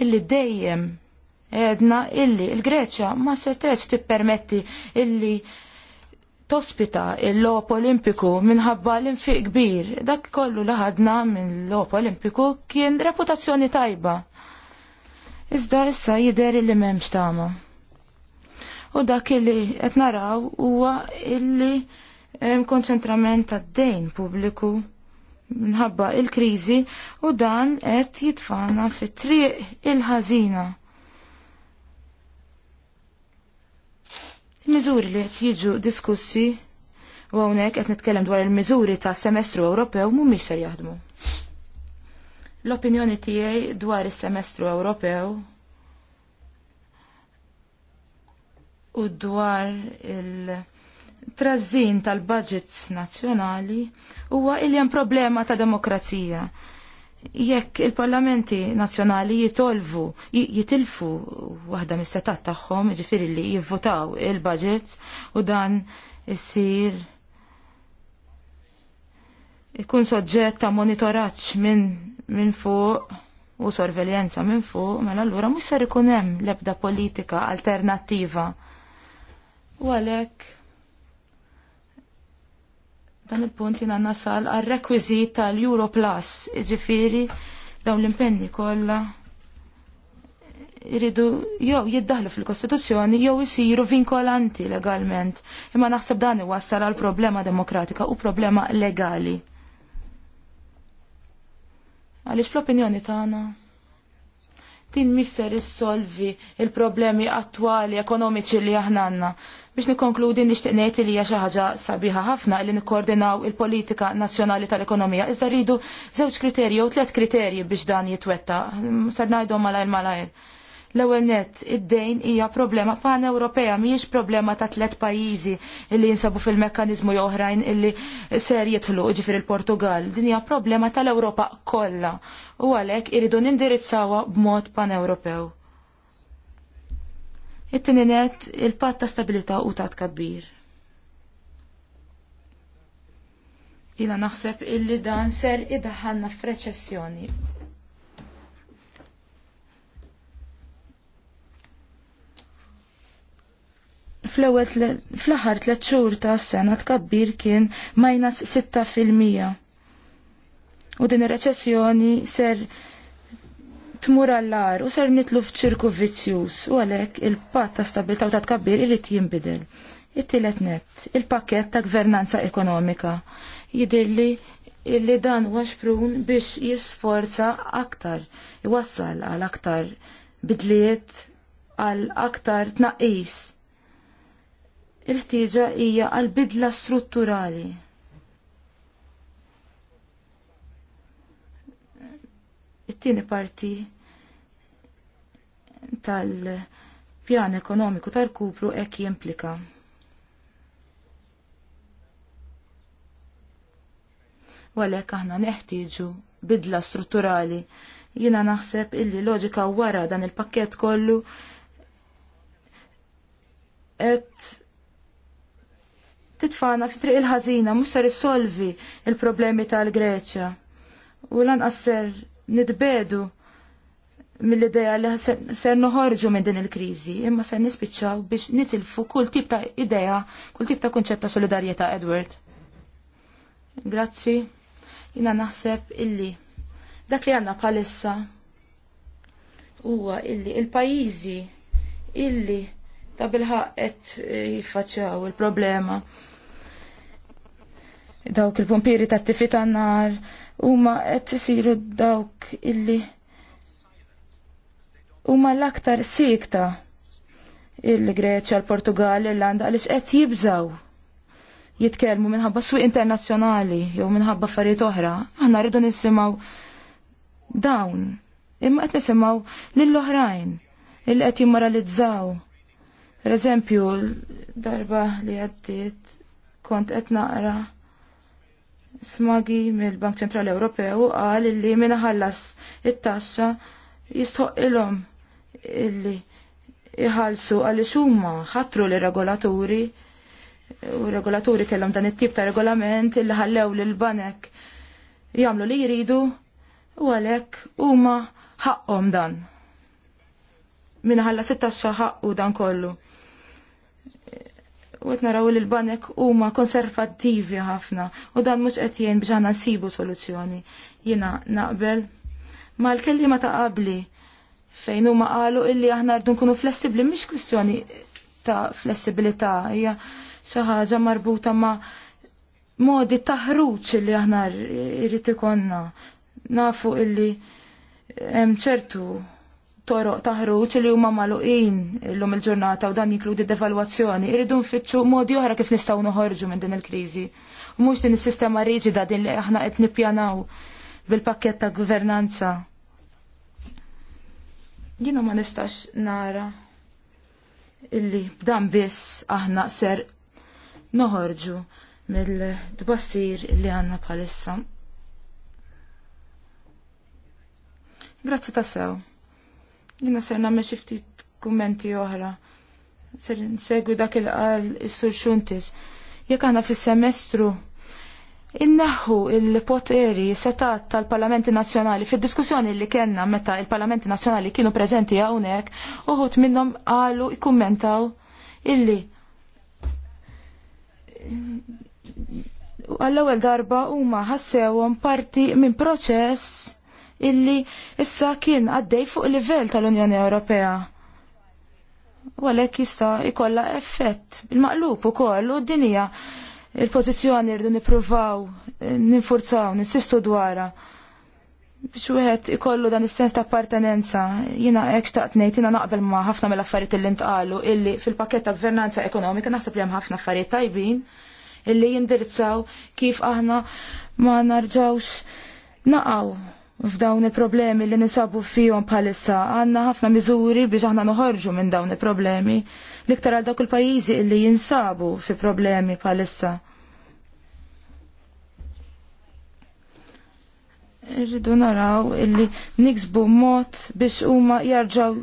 Speaker 4: illi dejjem edna illi il-Greċja ma setreċ tippermetti illi tospita il-lop olimpiku minħabba l-infiq kbir. Dak kollu li ħadna minn lop olimpiku kien reputazzjoni tajba. Iżda issa jideri li memx tama. U dak illi qed naraw huwa illi hemm konċentrament tad-dejn pubbliku minħabba il-kriżi u dan qed jitfana fit-triq il-ħażina. Il-miżuri li qed jiġu diskussi u hawnhekk qed nitkellem dwar il-miżuri ta' semestru Ewropew mhumiex ser jaħdmu. L-opinjoni tiegħi dwar is-semestru Ewropew u dwar il- trażin tal-budgets nazzjonali huwa il hemm problema ta' demokrazija jekk il-parlamenti nazzjonali jitolvu, jitilfu waħda mis-setat tagħhom, ġifieri li jivvotaw il-budget u dan isir ikun soġġett ta' monitoraġġ minn min fuq u sorveljenza minn fuq, mela allura mhux ser ikun hemm l-ebda politika alternattiva. U għalhekk dan il-punt jina nasal għal rekwizit tal-Euro Plus, ġifiri dawn l-impenni kolla jridu jew jiddaħlu fil-Kostituzzjoni jew isiru vinkolanti legalment. Imma naħseb dan iwassal għal problema demokratika u problema legali. Għaliex fl-opinjoni tagħna din misser issolvi il-problemi attwali ekonomiċi li aħna għandna. Biex nikonkludi nixtieq ngħid li hija xi ħaġa sabiħa ħafna li nikkoordinaw il-politika nazzjonali tal-ekonomija. Iżda rridu żewġ kriterji u tliet kriterji biex dan jitwetta. Sar ngħidhom malajr malajr. L-ewwel nett, id-dejn hija problema pan Ewropea mhijiex problema ta' tliet pajjiżi li jinsabu fil-mekkaniżmu oħrajn illi ser jidħlu ġifir il-Portugal. Din hija problema tal-Ewropa kollha u għalhekk iridu nindirizzawha b'mod pan-Ewropew. It-tieni nett, il-patt ta' stabilità u ta' tkabbir. Ila naħseb illi dan ser idaħħalna f'reċessjoni fl-ewwel fl-aħħar tliet xhur ta' sena tkabbir kien minus 6%. U din ir-reċessjoni ser tmur għallar u ser nitlu f'ċirku vizzjuż u għalhekk il-patt ta' stabilità u ta' tkabbir irid jinbidel. It-tielet net, il-pakket ta' gvernanza ekonomika. Jidirli illi dan huwa xprun biex jisforza aktar, iwassal għal aktar bidliet għal aktar tnaqis il-ħtieġa hija għal bidla strutturali. It-tieni parti tal-pjan ekonomiku tal-kupru hekk jimplika. Walek aħna neħtieġu bidla strutturali. Jina naħseb illi loġika wara dan il-pakket kollu et titfana fi triq il-ħażina mhux ser issolvi il-problemi tal-Greċja. U lanqas ser nitbedu mill-ideja li ser noħorġu minn din il-kriżi, imma ser nispiċċaw biex nitilfu kull tip ta' idea, kull tip ta' kunċett ta' solidarjetà, Edward. Grazzi, jina naħseb illi dak li għanna palissa huwa illi il-pajizi illi ta' bilħaq qed jiffaċċjaw il-problema dawk il-pompieri ta' tifi ta' nar huma qed isiru dawk illi huma l-aktar sikta il-Greċja, l-Portugal, l-Irlanda għaliex qed jibżaw jitkellmu minħabba suq internazzjonali jew minħabba affarijiet oħra, aħna rridu nisimgħu dawn. Imma qed nisimgħu lill-oħrajn illi qed jimmoralizzaw. Per eżempju, darba li għaddiet kont qed naqra smagi mill-Bank Ċentrali Ewropew qal li min ħallas it-taxxa jistħoq ilhom illi iħallsu għaliex huma ħatru li regolaturi u regolaturi kellhom dan it-tip ta' regolament illi ħallew lil banek jagħmlu li jridu u għalhekk huma ħaqhom dan. Min ħallas it-taxxa ħaqqu dan kollu u qed naraw li l-banek huma konservattivi ħafna u dan mhux qed jgħin biex aħna nsibu soluzzjoni. Jiena naqbel mal-kelliema ta' qabli fejn huma qalu illi aħna rdu nkunu flessibbli mhix kwistjoni ta' flessibilità hija xi ħaġa marbuta ma' modi taħruġ li aħna rrid ikonna nafu illi hemm ċertu toroq taħruġ li huma magħluqin llum il-ġurnata u dan jinkludi devalwazzjoni, irridu nfittxu modi oħra kif nistgħu noħorġu minn din il-kriżi. U mhux din is-sistema riġida din li aħna qed nippjanaw bil-pakkett ta' governanza. Jiena ma nistax nara illi b'dan biss aħna ser noħorġu mill-tbassir li għanna bħalissa. Grazzi tassew. Jina ser namme ftit kummenti oħra. Ser nsegwi dak il-qal is-sur xuntis. Jekk għandna fis-semestru Inneħħu il-poteri setat tal-Parlamenti Nazzjonali fid-diskussjoni li kellna meta il-Parlamenti Nazzjonali kienu preżenti hawnhekk uħut minnhom qalu jkummentaw illi għall-ewwel darba huma ħassewhom parti minn proċess illi issa kien għaddej fuq livell tal-Unjoni Ewropea. U għalhekk jista' jkollha effett bil-maqlub ukoll u d-dinja il-pożizzjoni rridu nippruvaw eh, ninfurzaw, ninsistu dwarha biex wieħed ikollu dan is-sens ta' appartenenza. Jiena hekk xtaqt ngħid jiena naqbel ma' ħafna mill-affarijiet illi ntqalu illi fil-pakett ta' gvernanza ekonomika naħseb li hemm ħafna affarijiet tajbin illi jindirizzaw kif aħna ma narġawx naqaw f'dawn il-problemi li nisabu fihom bħalissa għandna ħafna miżuri biex aħna noħorġu minn dawn il-problemi liktar għal dawk il-pajjiżi li jinsabu fi problemi bħalissa. Irridu naraw illi niksbu mod biex huma jarġaw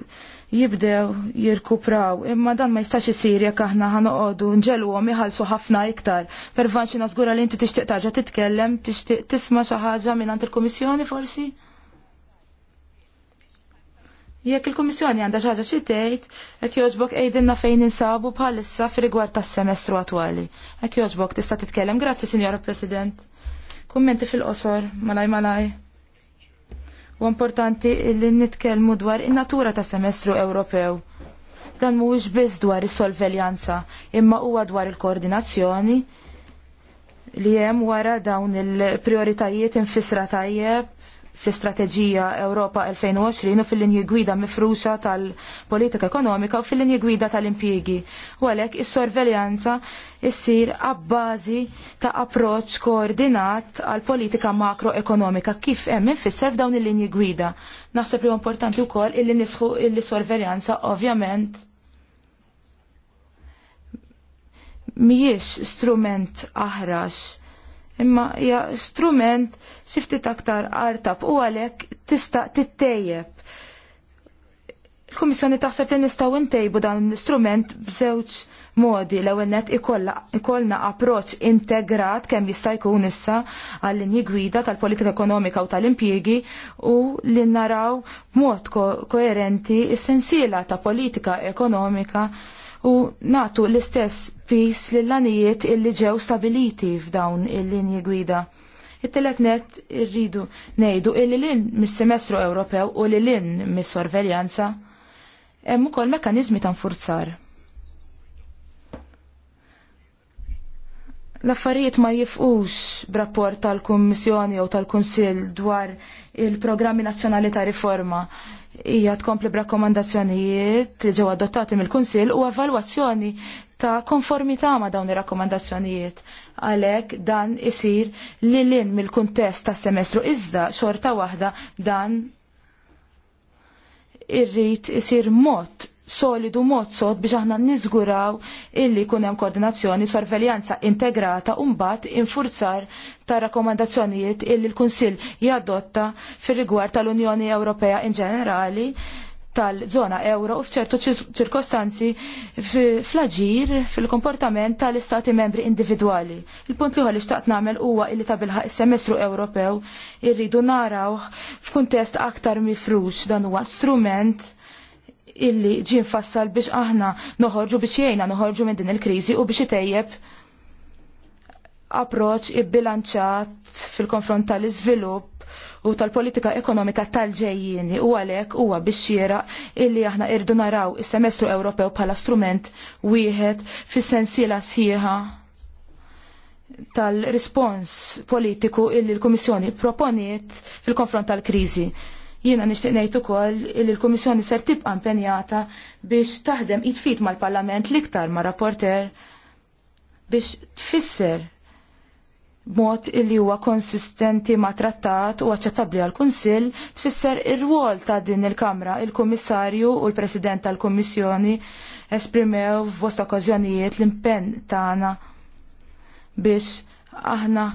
Speaker 4: jibdew jirkupraw. Imma dan ma jistax isir jekk aħna ħanoqogħdu nġelhom iħallsu ħafna iktar. Pervanxi nażgura li inti tixtieq taġa titkellem, tixtieq tisma' xi ħaġa mingħand il-Kummissjoni forsi? Jekk il-Kummissjoni għandha xi ħaġa xi tgħid, hekk jogħġbok qegħdilna fejn insabu bħalissa fir-rigward tas-semestru attwali. Hekk jogħġbok tista' titkellem. Grazzi, Sinjora President. Kummenti fil-qosor, malaj malaj. U importanti li nitkellmu dwar in-natura ta' semestru Ewropew. Dan mhuwiex biss dwar is-solveljanza, imma huwa dwar il-koordinazzjoni li hemm wara dawn il-prioritajiet infisra tajjeb fl-istrateġija Ewropa 2020 u fil-linji gwida mifruxa tal-politika ekonomika u fil-linji gwida tal-impjiegi. U għalhekk is-sorveljanza issir abbażi ta' approċċ koordinat għal politika makroekonomika kif hemm infisser f'dawn il-linji gwida. Naħseb li importanti wkoll illi nisħu il-sorveljanza ovvjament mhijiex strument aħrax imma hija strument xi ftit aktar artab u għalhekk tista' tittejjeb. Il-Kummissjoni taħseb li nistgħu ntejbu dan l-istrument b'żewġ modi l-ewwel nett ikollna approċċ integrat kemm jista' jkun issa għall linji gwida tal-politika ekonomika u tal-impjiegi u li naraw b'mod koerenti s-sensiela ta' politika ekonomika u natu l-istess pis l-lanijiet illi ġew stabiliti f'dawn il-linji gwida. It-telet net irridu nejdu illi l-in mis-semestru Ewropew u l-in mis-sorveljanza hemm ukoll mekkaniżmi ta' nfurzar. l-affarijiet ma jifqux b'rapport tal-Kummissjoni jew tal-Kunsill dwar il-Programmi Nazzjonali ta' Riforma hija tkompli b'rakkomandazzjonijiet li ġew adottati mill-Kunsill u evalwazzjoni ta' konformità ma' dawn ir-rakkomandazzjonijiet. Għalhekk dan isir li lin mill-kuntest tas-semestru iżda xorta waħda dan irrid isir mod solidu mod sod biex aħna niżguraw illi jkun hemm koordinazzjoni sorveljanza integrata u mbagħad infurzar ta' rakkomandazzjonijiet illi l-Kunsill jadotta fir-rigward tal-Unjoni Ewropea in ġenerali tal-żona euro u f'ċertu ċirkostanzi fl-aġir fil-komportament tal-istati membri individwali. Il-punt li li xtaqt nagħmel huwa illi ta' bilħaq is-semestru Ewropew irridu narawh f'kuntest aktar mifrux dan huwa strument illi ġie fassal biex aħna noħorġu biex jgħina noħorġu minn din il-kriżi u biex itejjeb approċ ibbilanċat fil-konfront tal-iżvilupp u tal-politika ekonomika tal-ġejjini u għalhekk huwa biex jera illi aħna irdu naraw is-semestru Ewropew bħala strument wieħed fis-sensiela sħiħa tal-rispons politiku illi l-Kummissjoni proponiet fil-konfront tal-kriżi. Jiena nixtieq ngħid ukoll li l-Kummissjoni ser tibqa' impenjata biex taħdem it-fit mal-Parlament l-iktar ma' rapporter biex tfisser b'mod li huwa konsistenti ma' trattat u aċċettabbli għal kunsill tfisser ir-rwol ta' din il-Kamra, il-Kummissarju u l-President tal-Kummissjoni esprimew f'bosta okkażjonijiet l-impenn tagħna biex aħna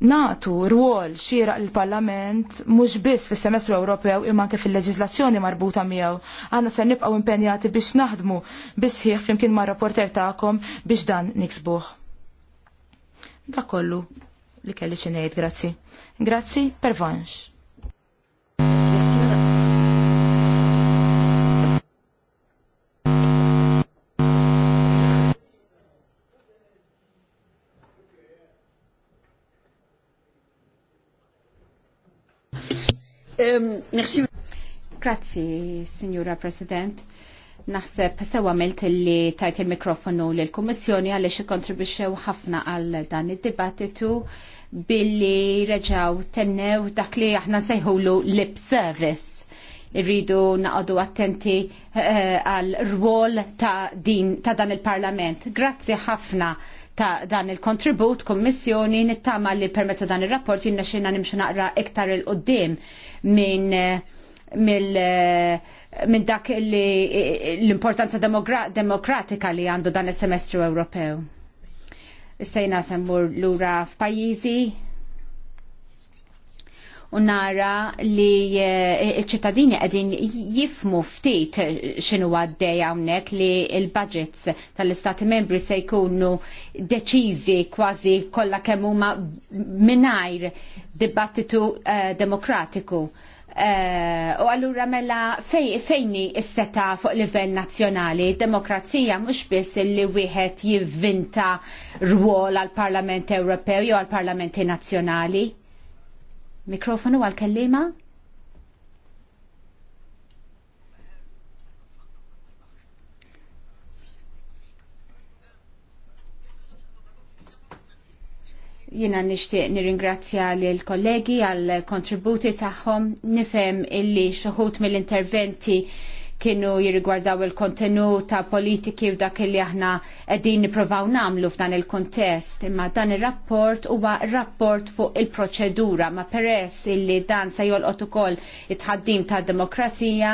Speaker 4: natu rwol xira l-Parlament mhux biss fis-semestru Ewropew imma anke fil-leġiżlazzjoni marbuta miegħu. Għandna se nibqgħu impenjati biex naħdmu bisħieħ flimkien ma' rapporter tagħkom biex dan niksbuh. Dak kollu li kelli xi ngħid, grazzi. Grazzi, pervanx.
Speaker 2: Ehm, merci.
Speaker 1: Grazzi, Signora President. Naħseb sewa għamilt li tajt il-mikrofonu l-Kommissjoni għalix kontribuxew ħafna għal dan id-dibattitu billi reġaw tennew dak li aħna sejħulu lip service. Irridu naqodu attenti eh, għal uh, rwol ta' din ta' dan il-Parlament. Grazzi ħafna ta' dan il-kontribut kummissjoni nittama li permezza dan il-rapport jinna xina nimxu naqra iktar il-qoddim minn mill minn dak l-importanza demokratika li għandu dan il-semestru Ewropew. Issejna semmur l-ura f'pajjiżi u nara li e, e, ċittadini għedin jifmu ftit xinu għaddej għawnek li il-budgets tal-istati membri se jkunu deċizi kważi kolla kemmu ma minajr dibattitu uh, demokratiku. Uh, u għallura mela fej, fejni s-seta fuq livell nazjonali, demokrazija mux biss li wieħed jivvinta rwol għal-Parlament Ewropew jew għal-Parlamenti Nazjonali Mikrofonu għal-kellima? jina nishtiq nirringrazzja l-kollegi għal kontributi tagħhom nifhem illi xoħut mill-interventi kienu jirrigwardaw il-kontenut ta' politiki u dak li aħna qegħdin nippruvaw nagħmlu f'dan il-kontest. Imma dan ir-rapport huwa rapport fuq il-proċedura ma peress illi dan se jolqot ukoll it-tħaddim ta' demokrazija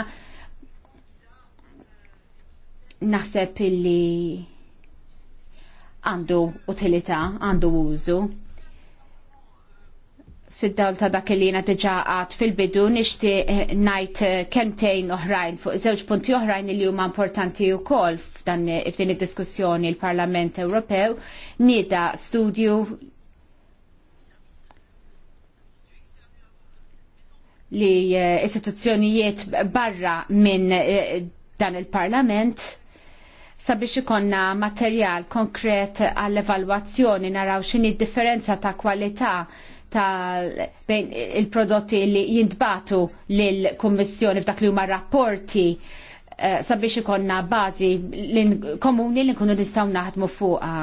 Speaker 1: naħseb illi għandu utilità, għandu użu fid-dawl ta' dak li jiena diġà għad fil-bidu nixtieq ngħid eh, kemtejn oħrajn fuq żewġ punti oħrajn li huma importanti wkoll f'dan f'din id-diskussjoni l-Parlament Ewropew nieda studju li eh, istituzzjonijiet barra minn eh, dan il-Parlament sabiex ikonna materjal konkret għall-evalwazzjoni naraw x'inhi differenza ta' kwalità tal bejn il-prodotti li jintbatu lill kummissjoni f'dak li huma rapporti uh, sabiex ikonna bażi komuni li nkunu nistgħu naħdmu fuqha.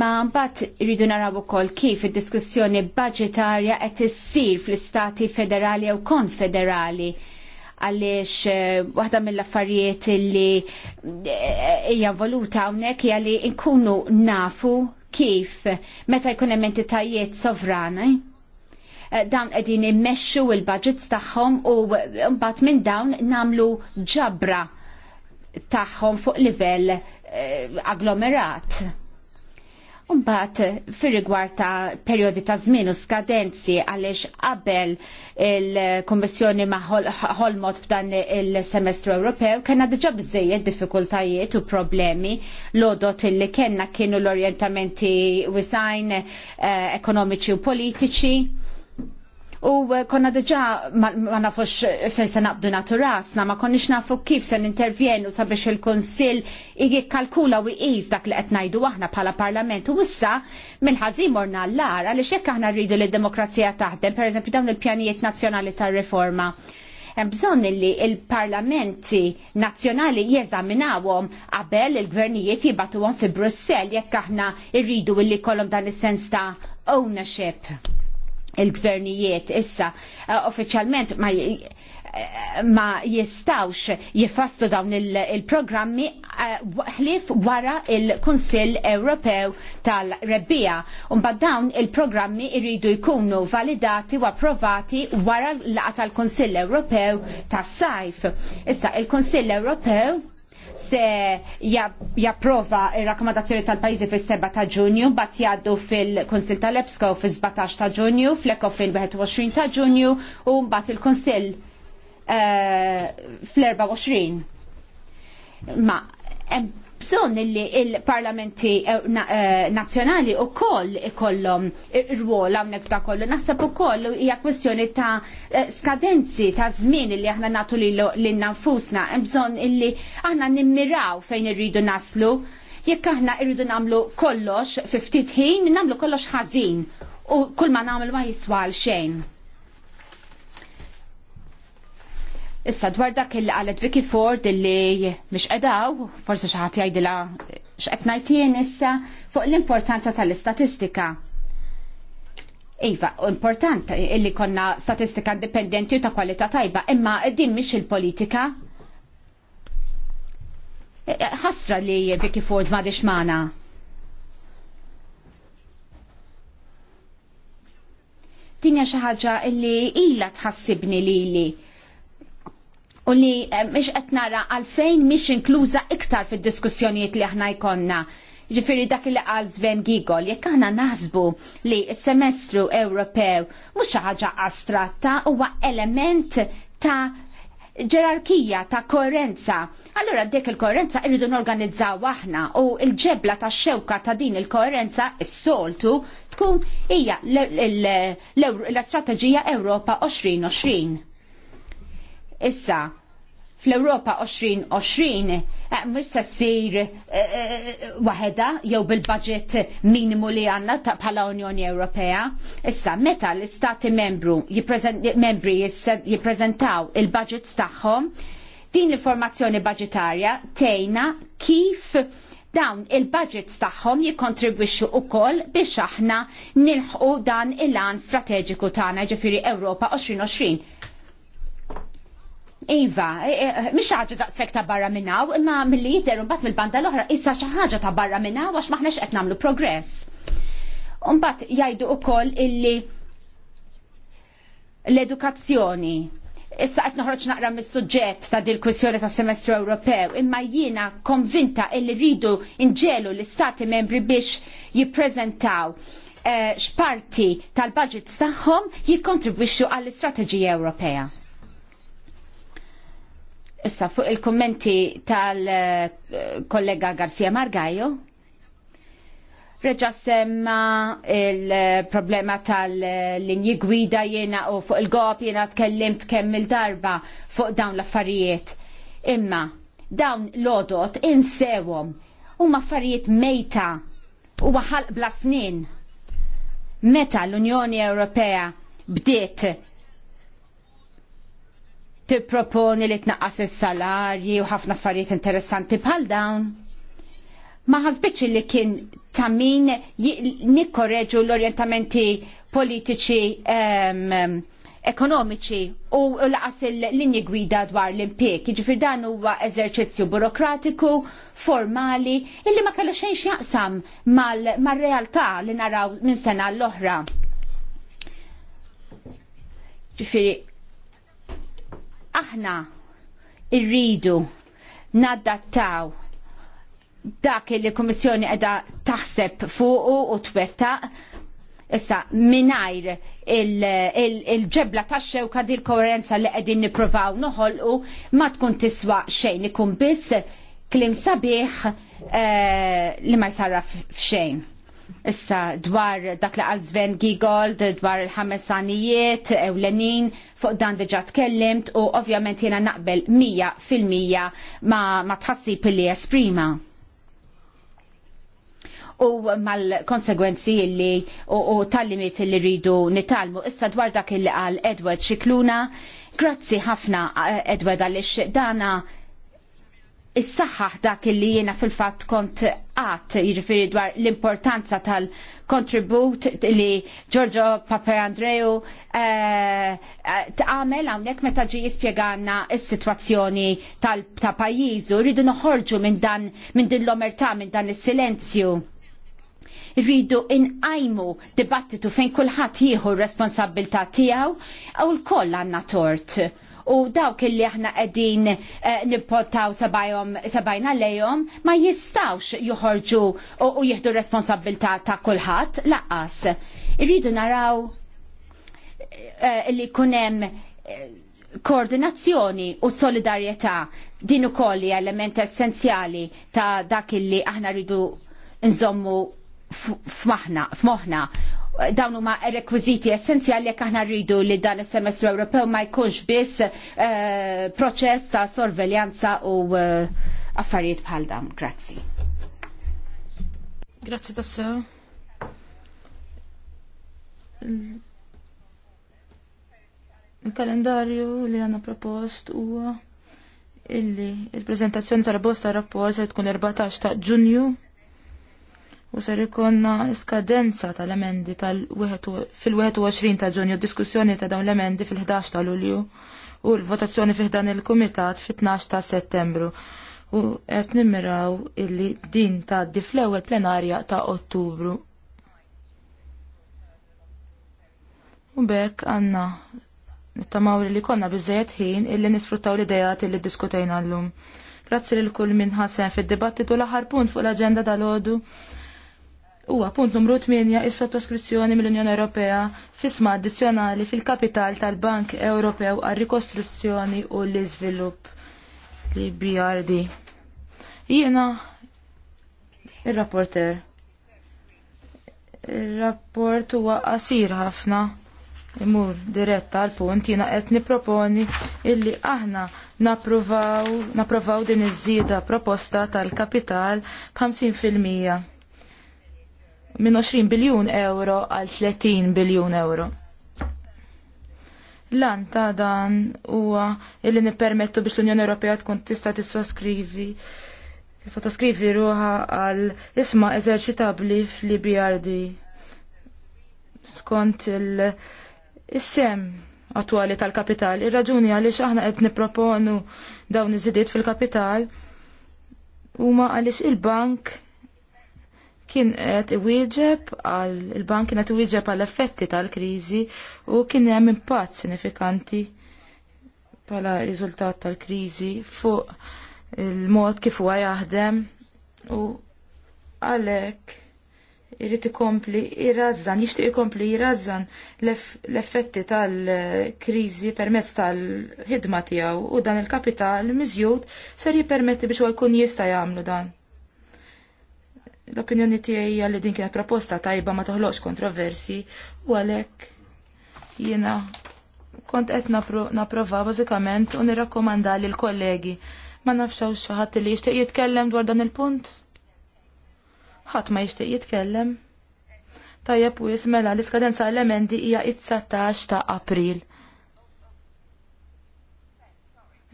Speaker 1: Ma mbagħad rridu naraw ukoll kif id-diskussjoni budġetarja qed issir fl-istati federali jew konfederali għaliex eh, waħda mill-affarijiet li eh, hija voluta hawnhekk hija li nkunu nafu kif meta jkun hemm entitajiet sovrani eh, dan qegħdin immexxu il-budgets tagħhom u eh, mbagħad minn dawn namlu ġabra tagħhom fuq livell eh, agglomerat Umbat, fir rigward ta' periodi ta' żmien u skadenzi għaliex qabel il-Kommissjoni ma' ħolmot b'dan il-semestru Ewropew kena diġa bżejjed diffikultajiet u problemi lodot illi kena kienu l-orientamenti wisajn eh, ekonomiċi u politiċi U eh, konna diġa ma nafux fejn se naqbdu natu rasna, ma konniex nafu kif se intervjenu sabiex il-Konsil jikkalkula u jqis dak li qed ngħidu aħna bħala Parlament. U issa mill-ħażin morna l-ara li xekk aħna rridu li d-demokrazija taħdem, pereżempju dawn il-pjanijiet nazzjonali tar-riforma. Hemm bżonn li l-parlamenti nazzjonali jeżaminawhom qabel il-gvernijiet jibatuhom fi Brussell jekk aħna rridu li kollhom dan is-sens ta' ownership il-gvernijiet issa eh, uffiċjalment ma eh, ma jistawx jifastu dawn il-programmi eh, ħlif wara il-Kunsill Ewropew tal-Rebbija. Umbad dawn il-programmi irridu jkunu validati u approvati wara l-laqa tal-Kunsill Ewropew tas-sajf. Issa il-Kunsill Ewropew se japprova ir-rakkomandazzjoni tal-pajjiżi fis-7 ta' Ġunju, mbagħad jgħaddu fil-Kunsill tal-EBSCO fis-17 ta' Ġunju, flekko fil-21 ta' Ġunju u mbagħad il-Kunsill eh, fl-24. Ma' bżonn li il-parlamenti eh, eh, nazzjonali u koll ikollhom rwol hawnhekk ta' kollu. Naħseb ukoll hija kwestjoni ta' eh, skadenzi ta' żmien li aħna nagħtu lilna nfusna, hemm bżonn illi aħna nimmiraw fejn irridu naslu. Jekk aħna rridu nagħmlu kollox fi ftit ħin, nagħmlu kollox ħażin u kull ma nagħmlu ma jiswa xejn. Issa dwar dak il qalet Vicky Ford illi mhix qedaw, forsi xi ħadd jgħidilha x'qed ngħid issa fuq l-importanza tal-istatistika. Iva, importanti illi konna statistika indipendenti u ta' kwalità tajba, imma din mhix il-politika. E, e, ħasra li Vicky Ford ma magħna. Dinja xi ħaġa illi ilha tħassibni lili. Li u li mhix qed nara għalfejn mhix inkluża iktar fid-diskussjonijiet li aħna jkollna. Ġifiri dak li qal Sven Gigol, jekk aħna naħsbu li s-semestru Ewropew mhux xi ħaġa astratta huwa element ta' ġerarkija ta' koerenza. Allora dek il-koerenza irridu norganizzaw aħna u il-ġebla ta' xewka ta' din il-koerenza is-soltu tkun hija l-istrateġija Ewropa 2020. Issa, fl-Europa 2020 eh, mhux se ssir eh, eh, waħedha jew bil-budget minimu li għandna bħala Unjoni Ewropea. Issa meta l-istati membru membri jippreżentaw il-budgets tagħhom, din l-informazzjoni budgetarja tejna kif dawn il-budgets tagħhom jikkontribwixxu wkoll biex aħna nilħqu dan il-lan strateġiku tagħna ġifieri Ewropa 2020. Iva, e, e, mish ħaġa daqsek ta' barra minnaw, imma mill-lider un bat mill-banda l-oħra issa xaħġa ta' barra minnaw għax maħnex qed namlu progress. Unbat jajdu u koll illi l-edukazzjoni. Issa qed noħroġ naqra mis-suġġett ta' dil kwissjoni ta' semestru Ewropew, imma jiena konvinta illi rridu nġelu l-istati membri biex jippreżentaw eh, xparti tal-budgets tagħhom jikkontribwixxu għall-istrateġija Ewropea. Issa fuq il-kommenti tal-kollega Garcia Margajo. Reġa semma il-problema tal-linji gwida jena u fuq il-gop jena tkellimt kemm il-darba fuq dawn l-affarijiet. Imma dawn l-odot insewom u maffarijiet mejta u waħal bla snin. Meta l-Unjoni Ewropea bdiet tipproponi li tnaqqas is-salarji u ħafna affarijiet interessanti bħal dawn. Ma ħasbitx li kien ta' min nikkorreġu l-orientamenti politiċi um, ekonomiċi u laqas il-linji gwida dwar l-impiek. Ġifir dan huwa eżerċizzju burokratiku, formali, illi ma kellu xejn x'jaqsam mal-realtà li naraw minn sena l-oħra. Ġifiri, aħna irridu naddattaw dak li kummissjoni qiegħda taħseb fuqu u twettaq issa minajr il-ġebla il, il ta' xewka di l-koherenza li qegħdin nippruvaw noħolqu ma tkun tiswa xejn ikun biss klim sabiħ uh, li ma jsarraf f'xejn. Issa dwar dak li għal Sven Gigold, dwar il-ħames sanijiet, ewlenin, fuq dan diġa tkellimt u ovvjament jena naqbel 100% ma, ma tħassib li esprima. U mal-konsegwenzi li u, u tal-limit li rridu nitalmu. Issa dwar dak li għal Edward Xikluna, grazzi ħafna eh, Edward għalix dana Is-saħħaħ dak li jiena fil-fatt kont għat jiġifieri dwar l-importanza tal-kontribut li Giorgio Papandreou tagħmel eh, eh, hawnhekk meta ġie jispjegana s-sitwazzjoni ta' pajjiżu rridu noħorġu minn dan minn din l-omertà minn dan is-silenzju. Rridu inqajmu dibattitu fejn kulħadd jieħu r-responsabilità tiegħu u l-koll għandna tort u dawk illi aħna qegħdin eh, nippottaw sabajna lejhom ma jistawx joħorġu u jieħdu responsabilità ta' kulħadd laqqas. Irridu naraw eh, li kunem eh, koordinazzjoni u solidarjetà din ukoll element essenzjali ta' dak illi aħna rridu nżommu f'maħna, f'moħna dawn huma rekwiżiti essenzjali jekk aħna rridu li dan is-semestru Ewropew ma jkunx biss eh, proċess ta' sorveljanza u eh, affarijiet bħal dawn. Grazzi.
Speaker 4: Grazzi tassew. Il-kalendarju li għanna propost huwa illi il-prezentazzjoni tal-bosta rapport tkun 14 ta' Ġunju u ser ikonna skadenza tal-emendi tal fil-21 ta' ġunju diskussjoni ta' dawn l-emendi fil-11 ta' lulju u l-votazzjoni fiħdan il-komitat fit-12 ta' settembru u qed nimmiraw illi din ta' di fl-ewwel plenarja ta' ottubru. U bekk għanna nittamaw li konna biżejjed ħin illi nisfruttaw l-idejat illi diskutejna l-lum. Grazzi l-kull minn ħasen fid-dibattitu l-aħħar punt fuq l-agenda dal-ħodu Huwa punt numru 8 is-sottoskrizzjoni mill-Unjoni Ewropea fisma addizzjonali fil-kapital tal-Bank Ewropew għar-Rikostruzzjoni u l-Iżvilupp li BRD. Jiena ir-rapporter. Ir-rapport huwa qasir ħafna imur dirett għal punt jiena qed nipproponi illi aħna napruvaw, napruvaw din iż-żieda proposta tal-kapital b'50 fil-mija minn 20 biljun euro għal 30 biljun euro. Lan ta' dan huwa illi nippermettu biex l-Unjoni Ewropea tkun tista' tissoskrivi tista' taskrivi ruha għal isma' eżerċitabbli fl-IBRD skont il-sem attwali tal-kapital. Ir-raġuni għaliex aħna qed nipproponu dawn iż-żidiet fil-kapital huma għaliex il-bank kien qed iwieġeb għal il-bank kien qed iwieġeb għal effetti tal-kriżi u kien hemm impatt sinifikanti bħala riżultat tal-kriżi fuq il-mod kif huwa jaħdem u għalhekk irrit ikompli jirrażżan, jixtieq ikompli jirrażżan l-effetti tal-kriżi permezz tal-ħidma tiegħu u dan il-kapital miżjud ser jippermetti biex huwa jkun jista' jagħmlu dan. L-opinjoni tiegħi hija li din kienet proposta tajba ma toħloqx kontroversi u għalhekk jiena kont qed napprova bażikament u nirrakkomanda lil kollegi ma nafxaw xi ħadd li jixtieq jitkellem dwar dan il-punt. Ħadd ma jixtieq jitkellem. Tajjeb u mela l-iskadenza għall-emendi hija it-19 ta' April.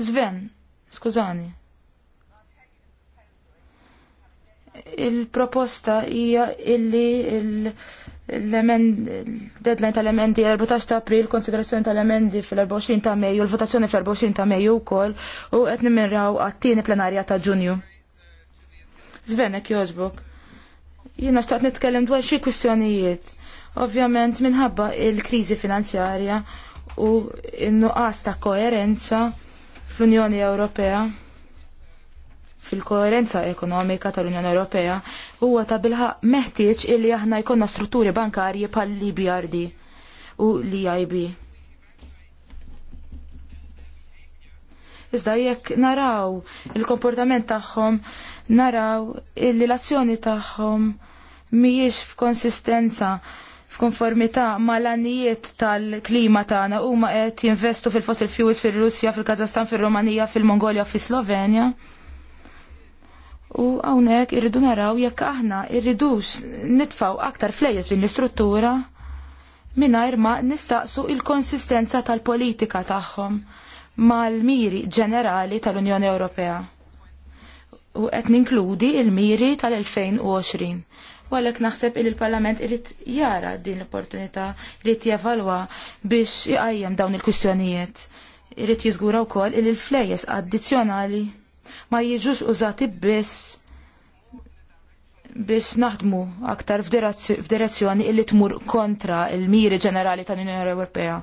Speaker 4: Sven, skużani. il-proposta hija illi il-deadline tal-emendi 14 ta' april, konsiderazzjoni tal-emendi fil-24 ta' Mejju, l-votazzjoni fil-24 ta' Mejju wkoll u qed nimirraw għat-tieni plenarja ta' Ġunju. Zvenek jożbok. Jiena xtaqt nitkellem dwar xi kwistjonijiet. Ovvjament minħabba il-kriżi finanzjarja u n-nuqqas ta' koerenza fl-Unjoni Ewropea fil-koerenza ekonomika tal-Unjoni Ewropea huwa ta' bilħaq meħtieġ illi aħna jkollna strutturi bankarji bħal l-IBRD u l-IB. Iżda jekk naraw il-komportament tagħhom, naraw illi l-azzjoni tagħhom mhijiex f'konsistenza f'konformità mal-għanijiet tal-klima tagħna huma qed jinvestu fil-fossil fuels fir-Russja, fil-Kazakhstan, fir-Rumanija, fil-Mongolja, fis-Slovenja. fil fossil fuels fil russja fil kazakhstan fir rumanija fil mongolja fis slovenja U hawnhekk irridu naraw jekk aħna irridux nitfaw aktar flejjes din l-istruttura mingħajr ma nistaqsu il-konsistenza tal-politika tagħhom mal-miri ġenerali tal-Unjoni Ewropea. U qed ninkludi il-miri tal-2020. U għalhekk naħseb il il-Parlament irid jara din l-opportunità irid jevalwa biex iqajjem dawn il-kwistjonijiet. Irid jiżgura wkoll il-flejjes addizzjonali ma jiġux użati biss biex naħdmu aktar f'direzzjoni illi tmur kontra il-miri ġenerali tal-Unjoni Ewropea.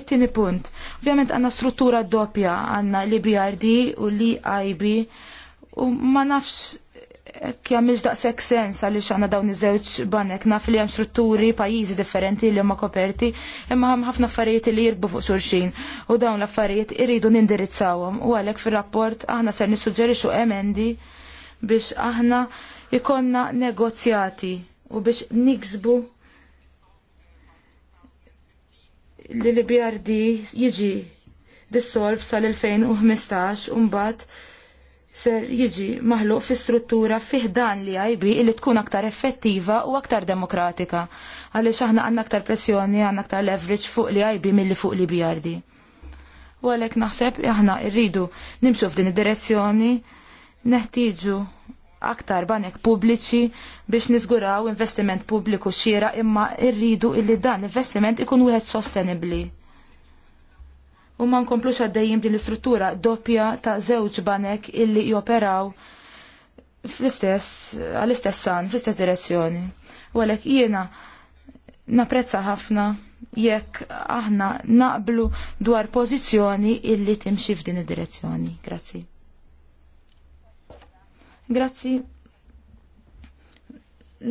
Speaker 4: It-tieni punt. Ovvjament għandna struttura doppja għandna l-IBRD u l-IB u ma nafx Kja miex daqsek sens għalli xana dawn iż-żewġ banek naf li hemm strutturi, pajjiżi differenti li huma koperti, imma hemm ħafna affarijiet li jirbu fuq xulxin u dawn l-affarijiet iridu nindirizzawhom u għalhekk fir-rapport aħna ser nissuġġerixu emendi biex aħna ikonna negozjati u biex niksbu li l-BRD jiġi dissolv sal-2015 un-bat ser jiġi maħluq fi struttura fiħdan li għajbi li tkun aktar effettiva u aktar demokratika. Għaliex aħna għandna aktar pressjoni, għandna aktar leverage fuq li għajbi milli fuq li BRD. U għalhekk naħseb aħna rridu nimxu f'din id-direzzjoni, neħtieġu aktar banek pubbliċi biex niżguraw investiment pubbliku xira imma rridu illi dan l investiment ikun wieħed sostenibbli u ma nkomplux għaddejjim din l-istruttura doppja ta' żewġ banek illi joperaw fl-istess, għall-istess san, fl-istess direzzjoni. U għalek jiena naprezza ħafna jekk aħna naqblu dwar pożizzjoni illi timxi f'din id-direzzjoni. Grazzi. Grazzi.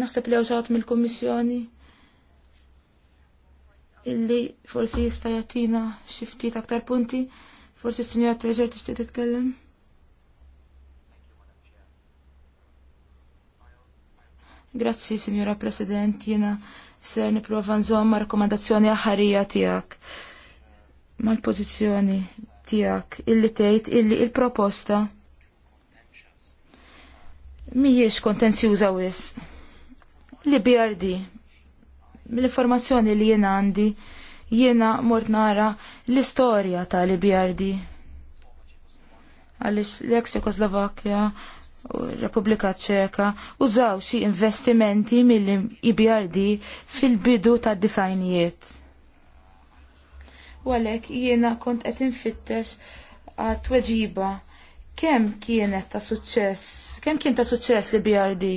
Speaker 4: Naħseb li għawxawt mill-Kommissjoni illi forsi jista' jagħtina xi ftit aktar punti, forsi s-Sinjora Treġer tixtieq titkellem. Grazzi, Sinjora President, jiena ser niprofa nżomma rakkomandazzjoni aħarija tiegħek mal-pożizzjoni tiegħek illi tgħid illi il-proposta mhijiex kontenzjuża wis. Li BRD mill-informazzjoni li jiena għandi jiena mort nara l-istorja tal-IBRD. Għaliex l-Eksjekoslovakja u Repubblika Ċeka użaw xi investimenti mill-IBRD fil-bidu tad disajnijiet U għalhekk jiena kont qed infittex għat tweġiba kemm kienet ta' suċċess, kemm kien ta' suċċess li BRD?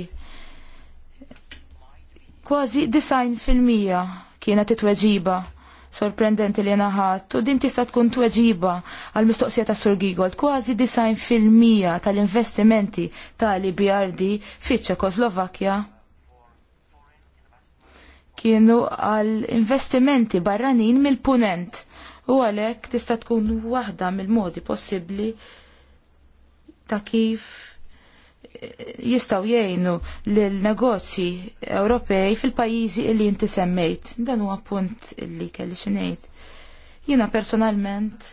Speaker 4: Kważi 90% kienet it-tweġiba sorprendenti li naħat u din tista' tkun tweġiba għal mistoqsija ta' Sur Gigold kważi design fil-mija tal-investimenti tal-IBRD fi Ċekoslovakkja kienu għal investimenti barranin mill-punent u għalhekk tista' tkun waħda mill-modi possibbli ta' kif jistaw jgħinu l-negozji Ewropej fil-pajizi illi inti semmejt. Dan huwa punt illi kelli xinejt. Jina personalment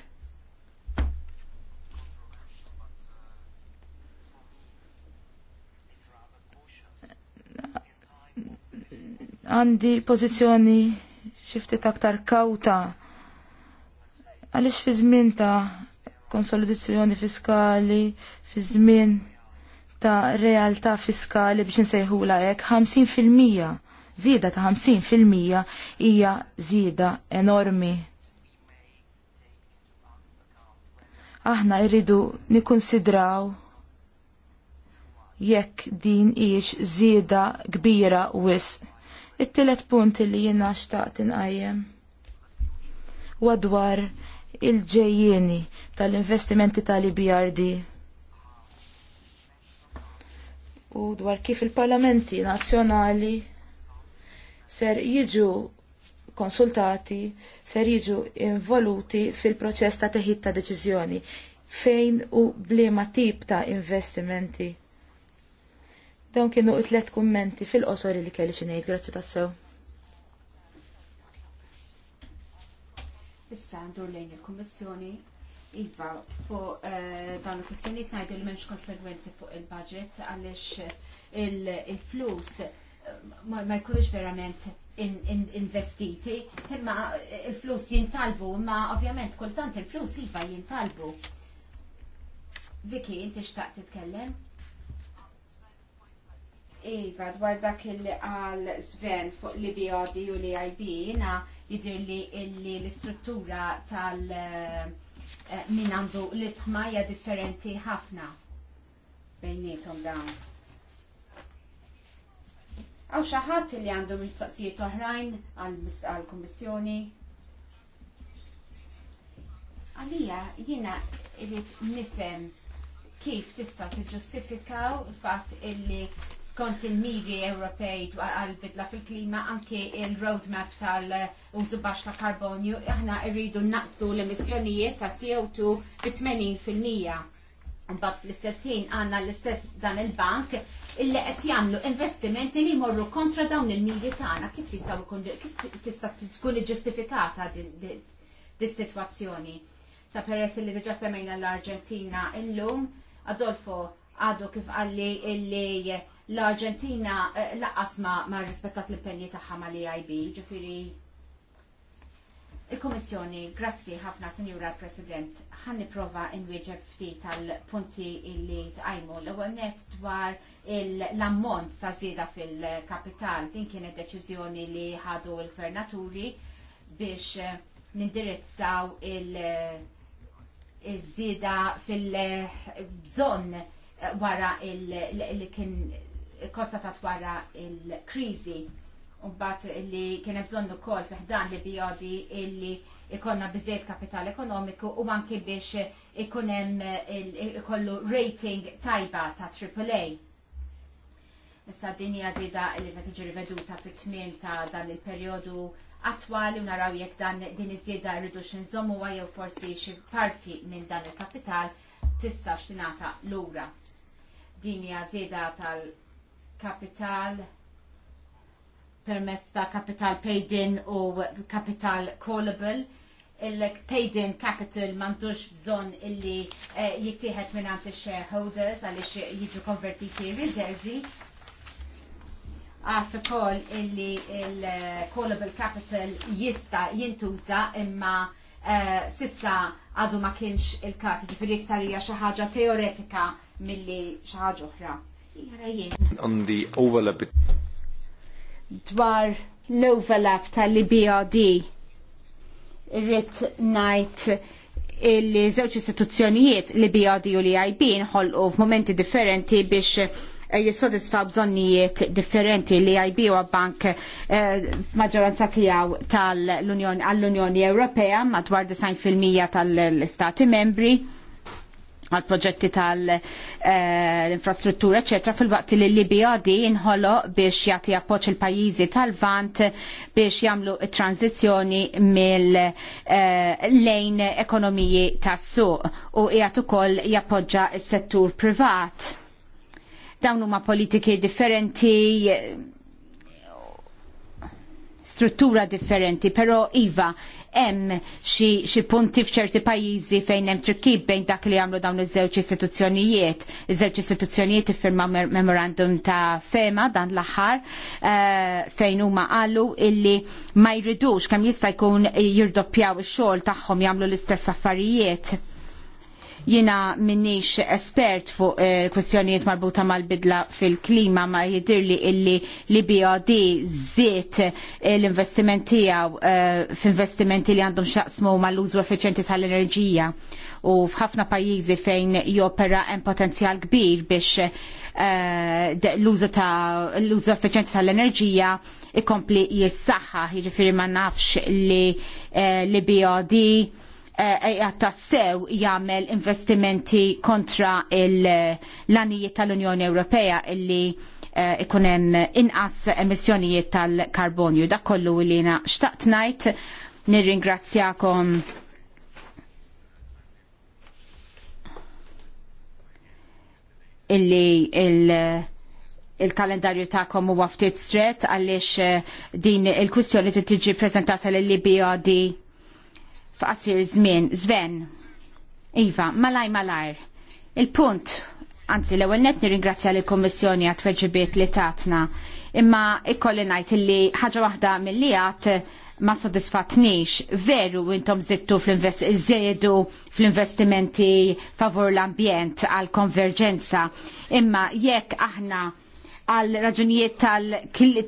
Speaker 4: għandi pozizjoni xiftit aktar kauta għalix fi żmien ta' konsolidazzjoni fiskali, fi żmien ta' realtà fiskali biex nsejħula hekk 50% żieda ta' 50% hija żieda enormi. Aħna rridu nikkonsidraw jekk din hijiex żieda kbira wisq. It-tielet punt li jiena xtaqt inqajjem huwa dwar il-ġejjieni tal-investimenti tal-IBRD u dwar kif il-parlamenti nazzjonali ser jiġu konsultati, ser jiġu involuti fil-proċess ta' teħid ta' deċiżjoni fejn u blima tip ta' investimenti. Dawn kienu tlet kummenti fil-qosori li kelli xinejt, grazzi tassew.
Speaker 1: Issa ndur lejn il-Kommissjoni Iva, fuq eh, dan il-kwestjoni tnajdu li memx konsegwenzi fuq il-budget għalix il-flus eh, ma jkunux verament investiti, imma eh, il-flus jintalbu, imma ovvjament kultant il-flus iva jintalbu. Viki, inti xtaqt titkellem? Iva, dwar dak il għal Sven fuq li BOD u li IB, jina jidir li l-istruttura tal- uh, Eh, min għandu l-isma hija differenti ħafna bejnietom dawn. Għaw xaħat li għandu mistoqsijiet oħrajn għal-Kommissjoni. Għalija, jina irrit nifem kif tista' tiġġustifikaw il-fatt illi skont il-miri Ewropej għal-bidla fil-klima anki il-roadmap tal-użu baxx ta' karbonju, aħna rridu naqsu l-emissjonijiet ta' CO2 b-80%. Mbagħad fl-istess ħin għandna l-istess dan il-bank illi qed jagħmlu investimenti li jmorru kontra dawn il-miri tagħna kif jistgħu kif tista' tkun iġġustifikata dis-sitwazzjoni. Sa peress li diġà semmejna l-Arġentina illum, Adolfo għadu kif għalli illi l-Arġentina eh, laqqas ma rrispettat l-impenji tagħha mal EIB, ġifieri il-Kommissjoni, grazzi ħafna Sinjura President, ħan nipprova nwieġeb ftit tal-punti illi tqajmu l-ewwel net dwar l-ammont ta' żieda fil-kapital. Din kienet deċiżjoni li ħadu l-gvernaturi biex eh, nindirizzaw il-żieda eh, fil-bżonn wara li kien kostatat wara il-krizi Umbat li kien bżonnu kol fiħdan li bijodi illi ikonna bizzejt kapital ekonomiku u anki biex ikunem ikollu rating tajba ta' AAA. Issa din hija żieda li se tiġi riveduta fit-tmiem ta' dan il-perjodu attwali u naraw jekk dan din iż-żieda rridu x'inżommu jew forsi xi parti minn dan il-kapital tistax tingħata lura din hija żieda tal kapital permezz ta' kapital paid-in u kapital callable il-paid-in capital mandux bżon illi eh, jittieħed minn għand shareholders għaliex jiġu konvertiti riservi. Għat ukoll illi il-callable capital jista jintuża imma eh, sissa għadu ma kienx il-każ, ġifieri iktar hija xi ħaġa teoretika milli xi ħaġa oħra. Dwar l-overlap tal-BOD irrit najt illi żewġ istituzzjonijiet li BOD u li e IB nħolqu f'momenti differenti biex eh, jissodisfaw bżonnijiet differenti li e IB u bank eh, maġġoranza tiegħu tal-Unjoni għall-Unjoni Ewropea madwar 90% tal-Istati membri għal proġetti tal-infrastruttura, eh, eccetera, fil-waqt li l-BOD inħolo biex jagħti appoġġ il-pajjiżi tal-vant biex jagħmlu t tranzizzjoni mill eh, lejn ekonomiji tas-suq u qiegħed ukoll jappoġġa s-settur privat. Dawn huma politiki differenti struttura differenti, però iva hemm xi punti f'ċerti pajjiżi fejn hemm trikkib bejn dak li jagħmlu dawn iż-żewġ istituzzjonijiet. Iż-żewġ istituzzjonijiet iffirma memorandum ta' fema dan l-aħħar eh, fejn huma qalu illi ma jridux kemm jista' jkun jirdoppjaw ix-xogħol tagħhom jagħmlu l-istess affarijiet Jina minnix espert fuq eh, kwestjonijiet marbuta mal-bidla fil-klima ma jidirli illi li BOD zit eh, l-investimenti eh, f'investimenti li għandhom xaqsmu mal-użu effiċenti tal-enerġija u f'ħafna pajjiżi fejn jopera hemm potenzjal kbir biex l-użu ta' l-użu effiċenti tal-enerġija ikompli jissaħħa, jiġifieri ma nafx li li BOD Eh, eh, tassew jagħmel investimenti kontra l-anijiet tal-Unjoni Ewropea illi eh, ikun hemm inqas emissjonijiet tal-karbonju. Dak kollu li jiena xtaqt ngħid nirringrazzjakom illi il- il-kalendarju ta'kom huwa ftit stret għaliex din il-kwistjoni tiġi prezentata lill-BOD f'qasir żmien. Zven, Iva, malaj malajr. Il-punt, anzi l-ewwel net nirringrazzja lill kummissjoni għat tweġibiet li tatna. Imma ikkolli ngħid illi ħaġa waħda milli għat ma sodisfatniex veru intom zittu fl-investimenti fl-investimenti favur l-ambjent għal konverġenza imma jekk aħna għal raġunijiet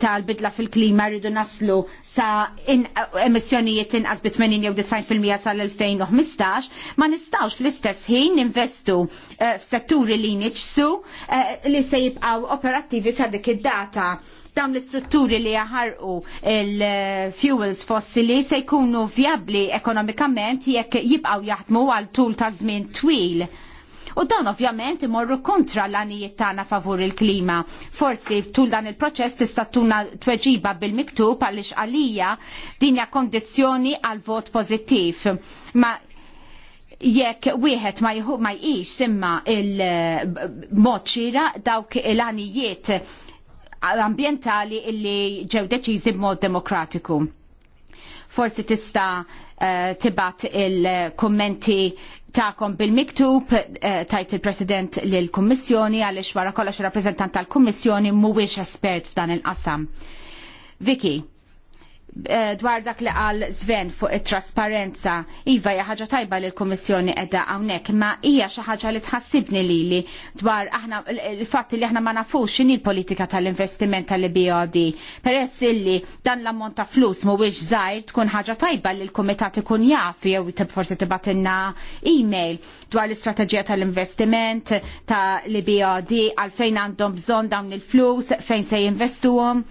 Speaker 1: tal-bidla fil-klima rridu naslu sa in emissjonijiet inqas bi 80 jew 90% sal-2015, ma nistawx fl-istess ħin investu eh, f'setturi li niċsu eh, li se jibqaw operattivi sa dik id-data dawn l-istrutturi li jaħarqu il-fuels fossili se jkunu vjabli ekonomikament jekk jibqaw jaħdmu għal tul ta' żmien twil U dawn ovvjament imorru kontra l-għanijiet tagħna favur il-klima. Forsi tul dan il-proċess tista' tuna tweġiba bil-miktub għaliex għalija dinja kondizzjoni għal vot pożittiv. Ma jekk wieħed ma jħu ma jqix imma il-mod dawk il-għanijiet ambientali illi ġew deċiżi b'mod demokratiku. Forsi tista' eh, tibat il-kommenti ta'kom bil-miktub eh, tajt il-President l-Kommissjoni għalix wara kollox rappresentant tal-Kommissjoni mhuwiex espert f'dan il-qasam. Viki, Eh, dwar dak li qal Sven fuq it-trasparenza, iva hija ħaġa tajba li l-Kummissjoni qiegħda hawnhekk, ma hija xi ħaġa li tħassibni lili dwar aħna il-fatt li aħna ma nafux x'inhi l-politika tal-investiment tal-BOD. Peress illi dan l-ammont ta' flus mhuwiex żgħir tkun ħaġa tajba li l-kumitat ikun jaf jew forsi tibatilna email dwar l-istrateġija tal-investiment ta' l-BOD għalfejn għandhom bżonn dawn il-flus, fejn se jinvestuhom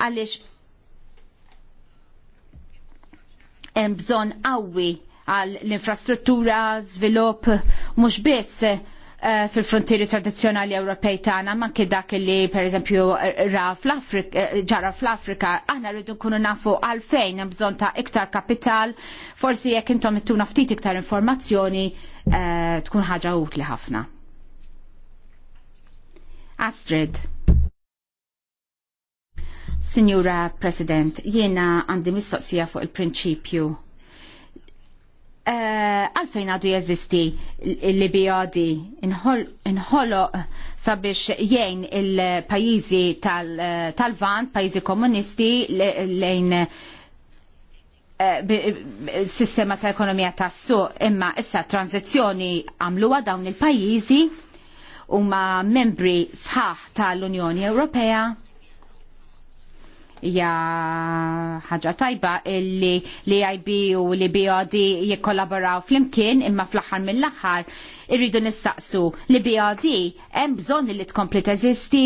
Speaker 1: għaliex hemm bżonn qawwi għal l-infrastruttura, żvilupp mhux biss eh, fil-frontieri tradizjonali Ewropej tagħna manki dak li pereżempju ra fl-Afrika eh, ġara fl-Afrika aħna rridu nkunu nafu għalfejn hemm bżonn ta' iktar kapital, forsi jekk intom ittuna ftit iktar informazzjoni eh, tkun ħaġa utli ħafna. Astrid. Signora President, jiena għandi mistoqsija fuq il-prinċipju. Eh, għalfejn uh, għadu jeżisti li bijodi inħoloq sabiex jgħin il-pajizi eh, tal-Vant, tal pajizi komunisti lejn eh, sistema ta' ekonomija ta' suq imma issa tranzizjoni għamluwa dawn il-pajizi u ma' membri sħaħ tal-Unjoni Ewropea ja ħaġa tajba illi li IB u li BOD jikkollaboraw flimkien imma fl-aħħar mill-aħħar irridu nistaqsu li BOD hemm bżonn li tkompli teżisti.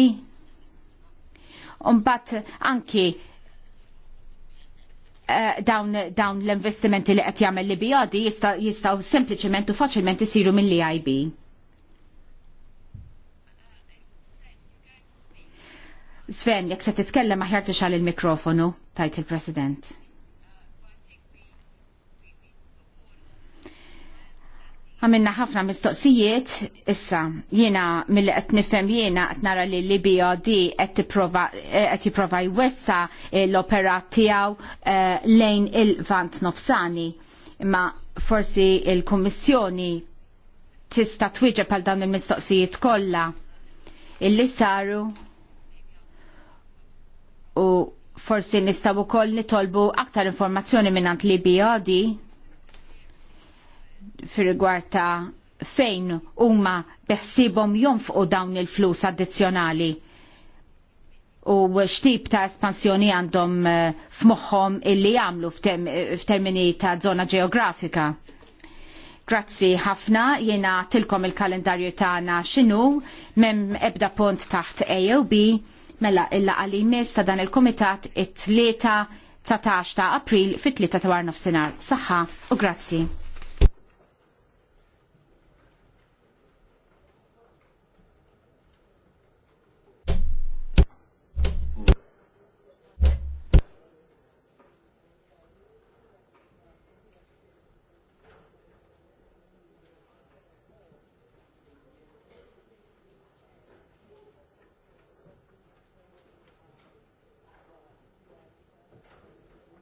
Speaker 1: Umbat anki Uh, dawn, dawn l-investimenti li qed jagħmel li bijadi jistgħu sempliċement u faċilment isiru mill-IB. Sven, jekk se titkellem aħjar tixal il-mikrofonu, tajt il-President. Għamilna ħafna mistoqsijiet, issa jiena mill qed nifhem jiena qed nara li l-BOD eh, qed jipprova jwessa l-opera tiegħu uh, lejn il-vant nofsani. Imma forsi il-Kummissjoni tista' twieġeb għal dawn il-mistoqsijiet kollha. Illi saru u forsi nistaw ukoll nitolbu aktar informazzjoni minnant li bijadi fir-rigward ta' fejn huma beħsibhom jonfqu dawn il-flus addizzjonali u x'tip ta' espansjoni għandhom eh, f'moħħhom illi jagħmlu f'termini ta' żona ġeografika. Grazzi ħafna, jiena tilkom il-kalendarju tagħna x'inhu, m'hemm ebda punt taħt AOB Mela illa għalimis ta' dan il-komitat it-3 19 ta' april fit-3 ta' warnof sinar. Saħħa u grazzi.